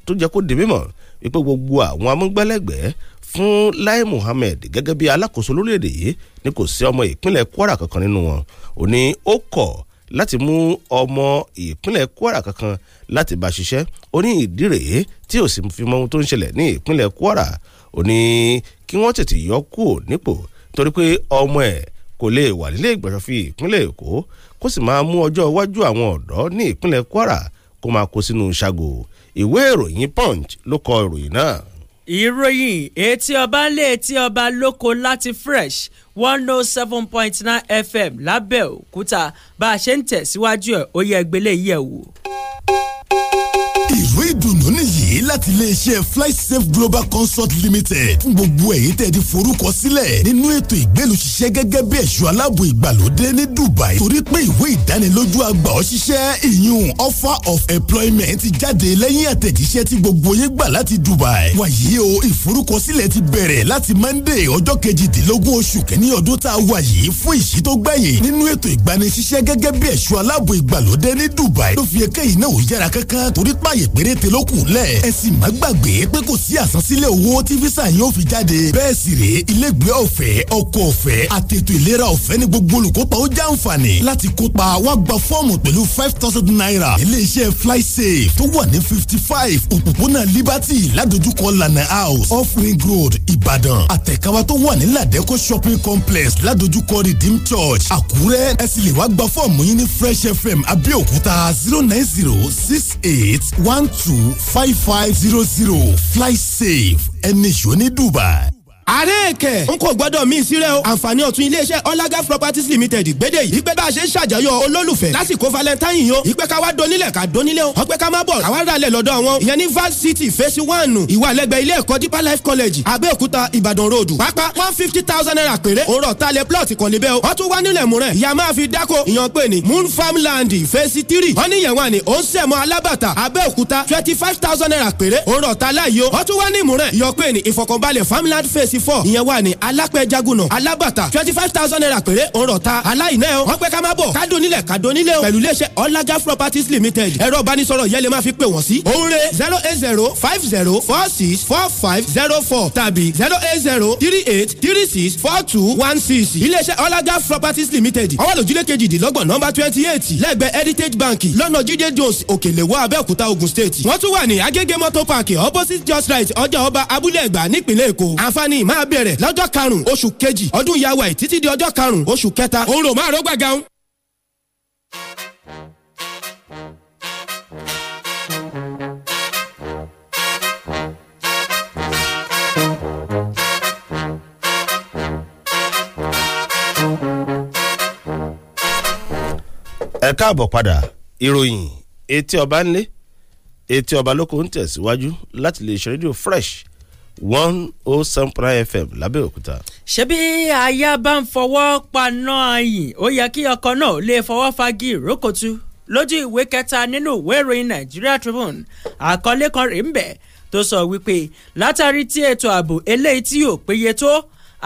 tó jẹ́ kó di mímọ̀ wípé gbogbo àwọn amúgbálẹ́gbẹ̀ẹ́ fún Lai Muhammed gẹ́gẹ́ bí alákòóso lórílẹ̀‐èdè yìí ni kò sí ọmọ ìpínlẹ̀ Kwara kankan nínú wọn òun ni ó kọ̀ láti mú ọmọ ìpínlẹ̀ Kwara kankan láti bá ṣiṣẹ́ ó ní ìdí rèé tí ò sì fi mọ ohun tó ń ṣẹlẹ̀ ní ìpínlẹ̀ Kwara ó ní kí wọ́n tètè yọ kúrò nípò torí pé ọmọ ẹ̀ kò lè wà nílé ìgbọ̀nsọ̀ fi ìpínlẹ̀ èkó kó sì máa mú ọjọ́ iwájú àwọn ọ̀dọ́ ní ìpínlẹ̀ kwara kó máa kó sínú ṣago ìwé ìròyìn punch ló kọ ìròyìn náà. ìròyìn etí ọba lé etí ọba lóko láti fresh one oh seven point nine fm lábẹ́òkúta bá a ṣe ń tẹ̀síwájú ẹ̀ ó yẹ gbélé yẹ̀ wò. ìlú ìdùnnú àǹfààní yìí láti iléeṣẹ́ flysafe global consult limited fún gbogbo ẹ̀yin tẹ́ ti forúkọ sílẹ̀ nínú ètò ìgbélùṣiṣẹ́ gẹ́gẹ́ bí ẹ̀ṣọ́ aláàbò ìgbàlódé ní Dubai torí pé ìwé ìdánilójú àgbà ọ̀ṣiṣẹ́ ìyún offer of employment ti jáde lẹ́yìn àtẹ̀jíṣẹ́ tí gbogbo yín gbà láti Dubai wàyí o ìforúkọsílẹ̀ ti bẹ̀rẹ̀ láti Monday ọjọ́ kejìdínlógún oṣù kẹ́ni ọdún tá a wà yìí fún ìṣí tó gbẹ̀yìn nínú ètò ìgbanisíṣẹ́ gẹ́gẹ́ bí ẹ̀ṣọ́ aláàbò ìgbàlódé ní Dubai ló fi ẹkẹ́ yìí náà yára kankan torí páyè péréte lókùn ńlẹ̀ ẹ sì má gbàgbé pé kò sí àsansílẹ̀ owó tí fisa yóò fi jáde bẹ́ẹ̀ sì rèé ilégbèé ọ̀fẹ́ ọkọ̀ ọ̀fẹ́ àtètò ìlera ọ̀fẹ́ ní gbogbo olùkópa ó jàǹfààní láti kópa wá gba fọ́ọ̀mù pẹ̀lú five thousand naira iléeṣẹ́ flysafe tó wà ní fifty five òpópónà liberty ládojúkọ lànà house off road ìbàdàn àtẹ̀káwá tó wà ní ladeko shopping complex ládojúkọ redeem church àkúrẹ́ ẹ sì lè wá gba fọ́ọ̀mù yín ní fresh fm abẹ́òkúta zero nine zero six eight one two four five five zero zero fly safe ẹni ṣòní Dubai àárẹ̀ ẹ̀kẹ́ n kò gbọ́dọ̀ mí sírẹ̀ o àǹfààní ọ̀tún iléeṣẹ́ ọlágá properties limited gbédè yìí ìgbẹ́ bá a ṣe ń ṣàjọyọ̀ olólùfẹ́ lásìkò valentine yìí o ìgbẹ́ ká wá donílẹ̀ ká donílẹ̀ o ọgbẹ́ ká má bọ̀ àwa ralẹ̀ lọ́dọ̀ wọn ìyẹn ní val city phase one ìwà lẹ́gbẹ̀ẹ́ ilé ẹ̀kọ́ deeper life college abẹ́òkúta ìbàdàn road pápá one fifty thousand naira péré òrò talẹ̀ plot kan níbẹ̀ o wọ́n tún wá nílẹ̀ múrẹ̀ ìyá máa fi moon farmland phase three wọ́n ní ìyẹn wà ní òǹsẹ̀mọ́ alábàtà abẹ́òkúta twenty five thousand naira péré òrò talẹ̀ yìí o wọ́n tún wá ní ìmúrẹ̀ farmland phase twenty four ìyẹn wà ní alápẹ̀jagunà alábàtà twenty five thousand naira péré òǹrọ̀ ta aláìná ẹ̀ wọ́n pẹ́ ká má bọ̀ kádùn nílẹ̀ kádùn nílẹ̀ o pẹ̀lú iléeṣẹ́ ọlájà properties limited ẹ̀rọ ìbánisọ̀rọ̀ yẹn lè máa fi pè wọ́n sí òǹrẹ̀ zero eight zero five zero four six four five zero four tàbí zero eight zero three eight three six four two one six iléeṣẹ́ ọlájà properties limited àwọn olùjílé kejìdínlọ́gbọ̀n nọ́mbà twenty eight lẹ́gbẹ̀ẹ́ heritage bank lọ́nà jíjẹ́ jones òkèlèwọ̀ abẹ́òkúta ogun state wọ́n tún wà ní agége motor park opposite just right ọjà ọba abúlé ẹ̀gbá nípínlẹ̀ máa bẹ̀rẹ̀ lọ́jọ́ karùn-ún oṣù kejì ọdún ìyàwó ẹ̀ títí di ọjọ́ karùn-ún oṣù kẹta òun rò máa rọ́gbà gaun. ẹ káàbọ̀ padà ìròyìn etí ọba ńlẹ̀ etí ọba lóko ń tẹ̀síwájú láti lè ṣe rédíò fresh one oh seven point fm lábẹ́òkúta. ṣebí aya bá ń fọwọ́ paná ayìn ó yẹ kí ọkọ náà lè fọwọ́ fagi ìrókòtú lójú ìwé kẹta nínú ìwé ìròyìn nigeria tribune àkọlé kan rèé ń bẹ̀ tó sọ wípé látàrí tí ètò ààbò eléyìí tí yóò péye tó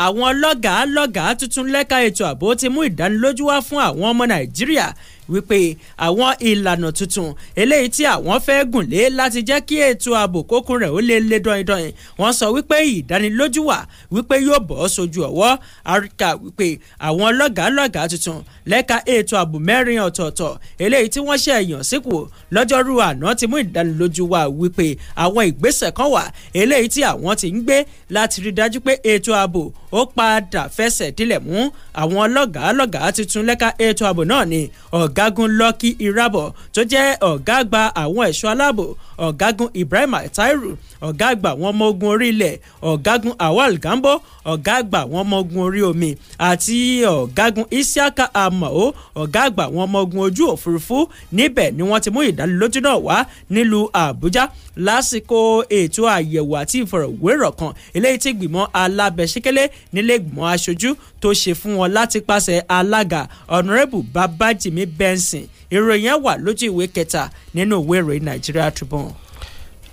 àwọn lọ́gàá lọ́gàá tuntun lẹ́ka ètò ààbò ti mú ìdánilójú wá fún àwọn ọmọ nàìjíríà wípé àwọn ìlànà tuntun eléyìí tí àwọn fẹ́ gùn lé láti jẹ́ kí ètò ààbò kókun rẹ̀ ó lè le dọ̀yìndọ̀yìn wọ́n sọ wípé ìdánilójú wà wípé yóò bọ́ sójú ọ̀wọ́ àríkà wípé àwọn lọ́gàálọ́gàá tuntun lẹ́ka ètò ààbò mẹ́rin ọ̀tọ̀ọ̀tọ̀ eléyìí tí wọ́n ṣe èèyàn sípò lọ́jọ́rú àná ti mú ìdánilójú wà wípé àwọn ìgbésẹ̀ kan wà eléyìí tí àwọn ti ń gbé láti rí dájú pé ètò ààbò ó padà fẹsẹ̀ dílẹ̀ mú àwọn lọ́gàálọ́gàá tuntun lẹ́ka ètò ààbò náà ni ọ̀gá ọ̀gágun lucky irabor tó jẹ́ ọ̀gá àgbà àwọn ẹ̀ṣọ́ aláàbò ọ̀gágun ibrahim tairu ọ̀gá àgbà àwọn ọmọ ogun orí ilẹ̀ ọ̀gágun awal gambo ọ̀gá àgbà àwọn ọmọ ogun orí omi àti ọ̀gágun isiaka amao ọ̀gá àgbà àwọn ọmọ ogun ojú òfurufú níbẹ̀ ni wọ́n ti mú ìdánilójú náà wá nílùú àbújá lásìkò ètò àyẹ̀wò àti ìfọ̀rọ̀wérọ̀ kan eléyìí tí gbìmọ̀ alábẹ̀ṣẹ́kẹ́lé nílé ìgbìmọ̀ aṣojú tó ṣe fún wọn láti pàṣẹ alága ọ̀nàrẹ́bù babájímí Benson ìròyìn yẹn wà lójú ìwé kẹta nínú ìwé ìròyìn Nigeria Tribune.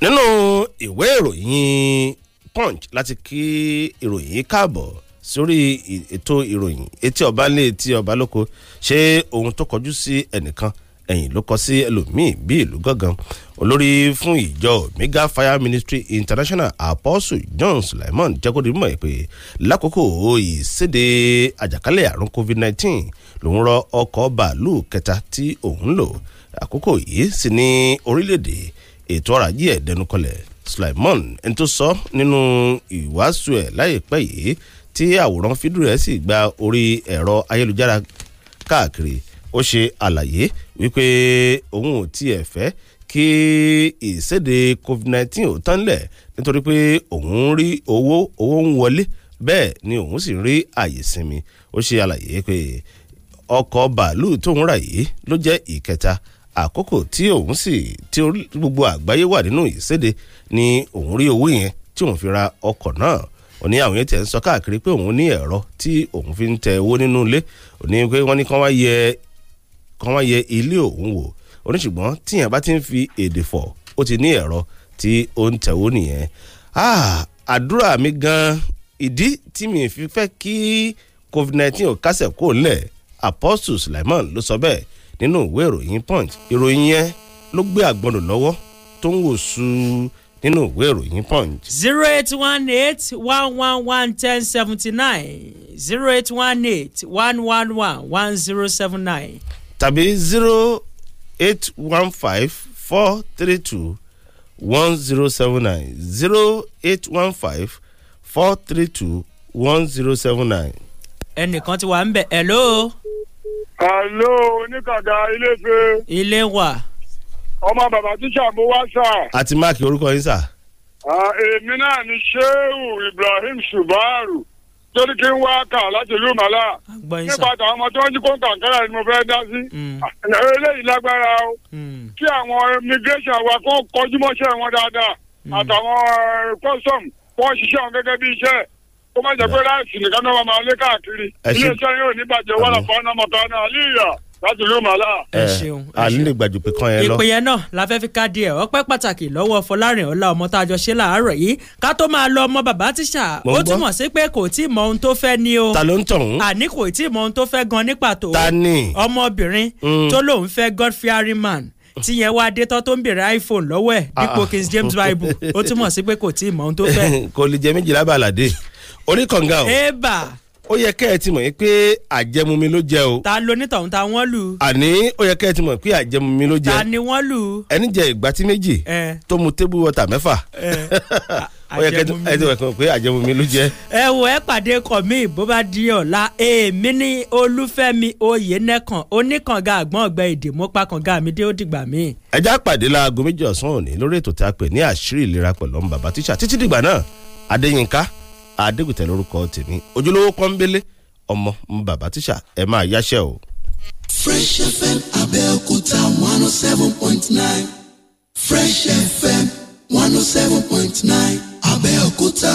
nínú ìwé ìròyìn Punch láti kí ìròyìn káàbọ̀ sórí ètò ìròyìn etí ọba lé etí ọba lóko ṣé ohun tó kọjú sí ẹnìkan ẹ̀yìn ló kọ sí ẹlòmíì bí ìlú gángan olórí fún ìjọ mega fire ministry international apostle john suleiman jẹ́kọ̀dé mọ̀ pé lákòókò ìséde àjàkálẹ̀ àrùn covid-19 lòún rọ ọkọ̀ bàálù kẹta tí òun lò àkókò yìí sì ní orílẹ̀-èdè ètò ọrọ̀ ajé ẹ̀ dẹnu kọlẹ̀ suleiman ẹni tó sọ nínú ìwàásù ẹ̀ láìpẹ́ yìí tí àwòrán fídíò rẹ̀ sì gba orí ẹ̀rọ ayélujára káàkiri ó ṣe àlàyé wípé òun ò tiẹ̀ fẹ́ kí ìséde covid-19 ò tán lẹ̀ nítorí pé òun rí owó owó ń wọlé bẹ́ẹ̀ ni òun sì rí àyè sinmi ó ṣe àlàyé pé ọkọ̀ bàálù tóun rà yìí ló jẹ́ ìkẹta àkókò tí òun sì tí gbogbo àgbáyé wà nínú ìséde ni òun rí owó yẹn tí òun fi ra ọkọ̀ náà òní àwọn yẹn tẹ̀ ń sọ káàkiri pé òun ní ẹ̀rọ tí òun fi ń tẹ owó nínú ilé òní pé wọ́n ní kán wá yẹ kàn wọ́n yẹ ilé òun wò oníṣùgbọ́n tíyàn bá ti ń fi èdè fọ̀ ó ti ní ẹ̀rọ tí ó ń tẹ̀wó nìyẹn ah, àdúrà mi gan ìdí tí mi fi fẹ́ kí covid-19 ò kásẹ̀ kó lẹ̀ apostle Suleiman ló sọ bẹ́ẹ̀ nínú ìwé ìròyìn punch ìròyìn yẹn ló gbé àgbọ̀nù lọ́wọ́ tó ń wò sùn nínú ìwé ìròyìn punch. zero eight one eight one one one ten seventy nine zero eight one eight one one one one zero seven nine tàbí zero eight one five four three two one zero seven nine zero eight one five four three two one zero seven nine. ẹnìkan ti wà ń bẹ̀ ẹ̀ lóo. àlọ́ oníkàdá ilé fẹ́. ilé wà. ọmọ bàbá tíṣà mo wá sà. àti máàkì orúkọ yín sà. Ah, èmi náà ni sheu ibrahim subaru sẹ́ríkì ń wá kà láti ìlú màlá nípa tàwọn ọmọ tí wọ́n jí kó kàǹkárà ni mo fẹ́ dá sí mm. eléyìí lágbára o mm. kí àwọn immigration wa kó kọjú mọ́ṣẹ́ wọn dáadáa mm. àtàwọn eh, custom wọ́n ṣiṣẹ́ wọn gẹ́gẹ́ bí iṣẹ́ kó má jẹ́ pé láìsí nìkan náà wọ́n máa lé káàkiri iléeṣẹ́ yóò ní bàjẹ́ wọ́n làpá náà mọ̀ká náà líyà láti ló màá là. ẹ ṣeun àní gbàjù pé yẹn lọ. ìpè yẹn náà la fẹ́ fi ká díẹ̀ ọpẹ́ pàtàkì lọ́wọ́ fọlárin ọ̀la ọmọ tá a jọ ṣe láàárọ̀ yìí ká tó máa lọ ọmọ bàbá tíṣà ó túmọ̀ sí pé kò tí ì mọ ohun tó fẹ́ ni o. ta ló ń tọ̀hún. àní kò tí ì mọ ohun tó fẹ́ gan ní pàtó. ta ni. ọmọbìnrin mm. tó lóun fẹ́ godfearing man tí yẹn wá dé tán tó ń bèrè iphone lọ́wọ́ ẹ̀ ah, dípò ah. king james bible ó túmọ̀ sí pé kò tí ì mọ ohun tó fẹ́. kò lè jẹ méjìlá bàlàdé oníkànga o. ẹ bà ó yẹ kẹ́ ẹ ti mọ̀ yín pé àjẹmumi ló jẹ o. ta ló ní tọ̀hún ta wọ́n lù. àní ó yẹ kẹ́ ẹ ti mọ̀ pé àjẹmumi ló jẹ. ta ni wọ́n lù. ẹni jẹ ìgbà tí méjì. tó mu tébù wọ́tà mẹ́fà. ó yẹ kẹ́ ẹ ti mọ̀ pé àjẹmumi ló jẹ. ẹ wo ẹ pàdé kọ mi bó bá di ọ̀la èmi ní olúfẹ́mi oyènẹ́kan oníkànga àgbọ̀n ọ̀gbẹ́ èdè mọ́ pakànga mi dé ó dìgbà mi. ẹ já pàdé láago méjì ọ̀sán òní lórí ètò a pè ní àṣírí ìlera pẹ̀lú ọmọ bàbá tíṣà adégbìtẹ̀ lórúkọ tèmi ojúlówó pọ́nbélé ọmọ bàbá tíṣà ẹ máa yáṣẹ́ o. Fresh FM Abẹ́òkúta one oh seven point nine Fresh FM one oh seven point nine Abẹ́òkúta.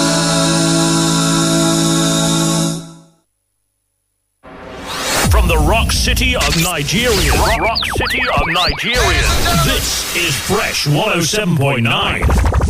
From the rock city of Nigeria, rock city of Nigeria, this is Fresh 107.9.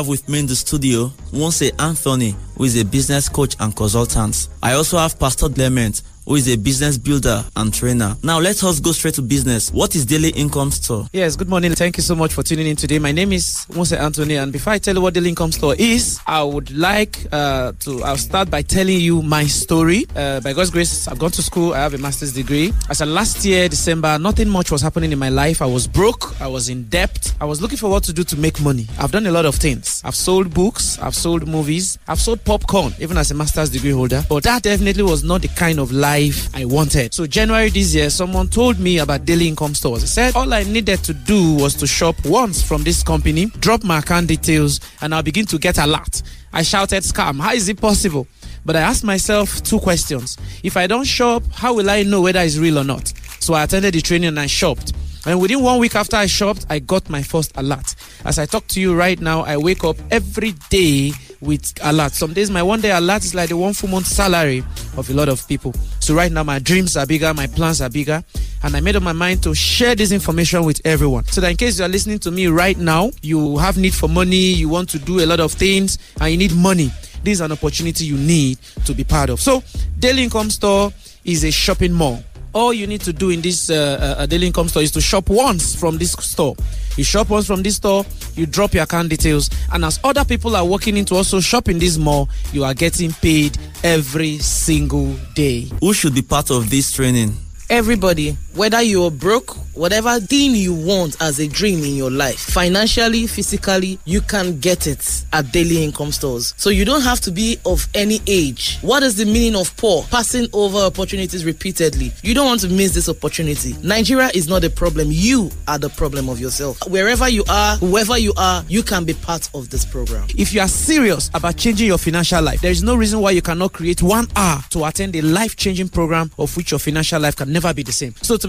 have with me in the studio Wonse Anthony, who is a business coach and consultant. I also have Pastor Clement, who is a business builder and trainer. Now let us go straight to business. What is Daily Income Store? Yes, good morning. Thank you so much for tuning in today. My name is Mose Anthony, and before I tell you what Daily Income Store is, I would like uh, to I'll start by telling you my story. Uh, by God's grace, I've gone to school. I have a master's degree. As a last year December, nothing much was happening in my life. I was broke. I was in debt. I was looking for what to do to make money. I've done a lot of things. I've sold books. I've sold movies. I've sold popcorn, even as a master's degree holder. But that definitely was not the kind of life life I wanted. So January this year, someone told me about daily income stores. He said all I needed to do was to shop once from this company, drop my account details, and I'll begin to get a lot. I shouted scam. How is it possible? But I asked myself two questions. If I don't shop, how will I know whether it's real or not? So I attended the training and I shopped. And within one week after I shopped, I got my first alert. As I talk to you right now, I wake up every day with alerts. Some days my one day alert is like the one full month salary of a lot of people. So right now, my dreams are bigger, my plans are bigger, and I made up my mind to share this information with everyone. So that in case you are listening to me right now, you have need for money, you want to do a lot of things, and you need money. This is an opportunity you need to be part of. So, Daily Income Store is a shopping mall all you need to do in this uh, uh, uh, daily income store is to shop once from this store. You shop once from this store, you drop your account details, and as other people are walking into also shopping this mall, you are getting paid every single day. Who should be part of this training? Everybody whether you're broke, whatever thing you want as a dream in your life, financially, physically, you can get it at daily income stores. So you don't have to be of any age. What is the meaning of poor? Passing over opportunities repeatedly. You don't want to miss this opportunity. Nigeria is not the problem. You are the problem of yourself. Wherever you are, whoever you are, you can be part of this program. If you are serious about changing your financial life, there is no reason why you cannot create one hour to attend a life changing program of which your financial life can never be the same. So to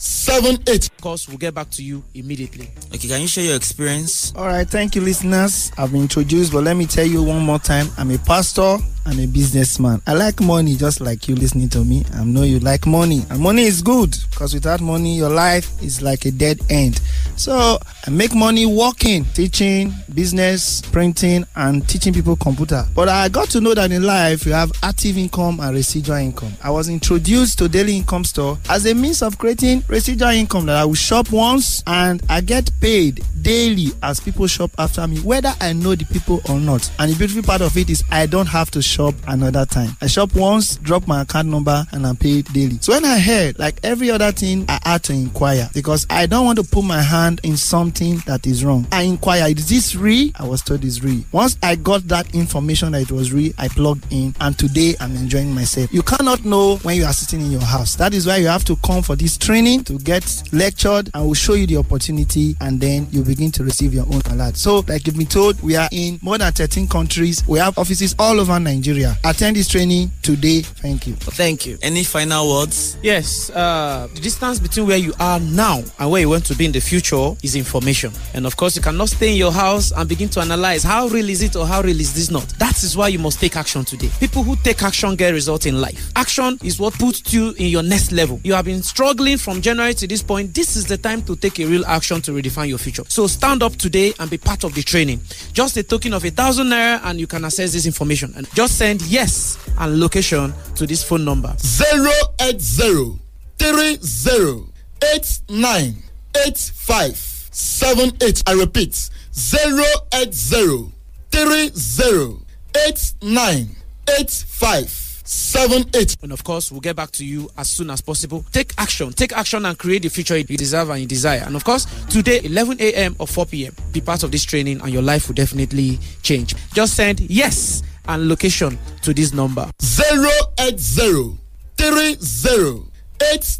78. Of course, we'll get back to you immediately. Okay, can you share your experience? All right, thank you, listeners. I've been introduced, but let me tell you one more time I'm a pastor, I'm a businessman. I like money just like you listening to me. I know you like money, and money is good because without money, your life is like a dead end. So I make money working, teaching, business, printing, and teaching people computer. But I got to know that in life, you have active income and residual income. I was introduced to Daily Income Store as a means of creating residual income that I will shop once and I get paid daily as people shop after me, whether I know the people or not. And the beautiful part of it is I don't have to shop another time. I shop once, drop my account number, and I'm paid daily. So when I heard, like every other thing, I had to inquire because I don't want to put my hand in something that is wrong. I inquired, is this real? I was told it's real. Once I got that information that it was real, I plugged in, and today I'm enjoying myself. You cannot know when you are sitting in your house. That is why you have to come for this training to get lectured and we'll show you the opportunity and then you begin to receive your own alert. So, like you've been told, we are in more than 13 countries. We have offices all over Nigeria. Attend this training today. Thank you. Thank you. Any final words? Yes. Uh, the distance between where you are now and where you want to be in the future is information. And of course, you cannot stay in your house and begin to analyze how real is it or how real is this not. That is why you must take action today. People who take action get results in life. Action is what puts you in your next level. You have been struggling from just January to this point, this is the time to take a real action to redefine your future. So stand up today and be part of the training. Just a token of a thousand naira, and you can access this information. And just send yes and location to this phone number 080 30 I repeat 080 30 seven eight. And of course, we'll get back to you as soon as possible. Take action, take action, and create the future you deserve and you desire. And of course, today 11 a.m. or 4 p.m. Be part of this training, and your life will definitely change. Just send yes and location to this number zero eight zero three zero eight.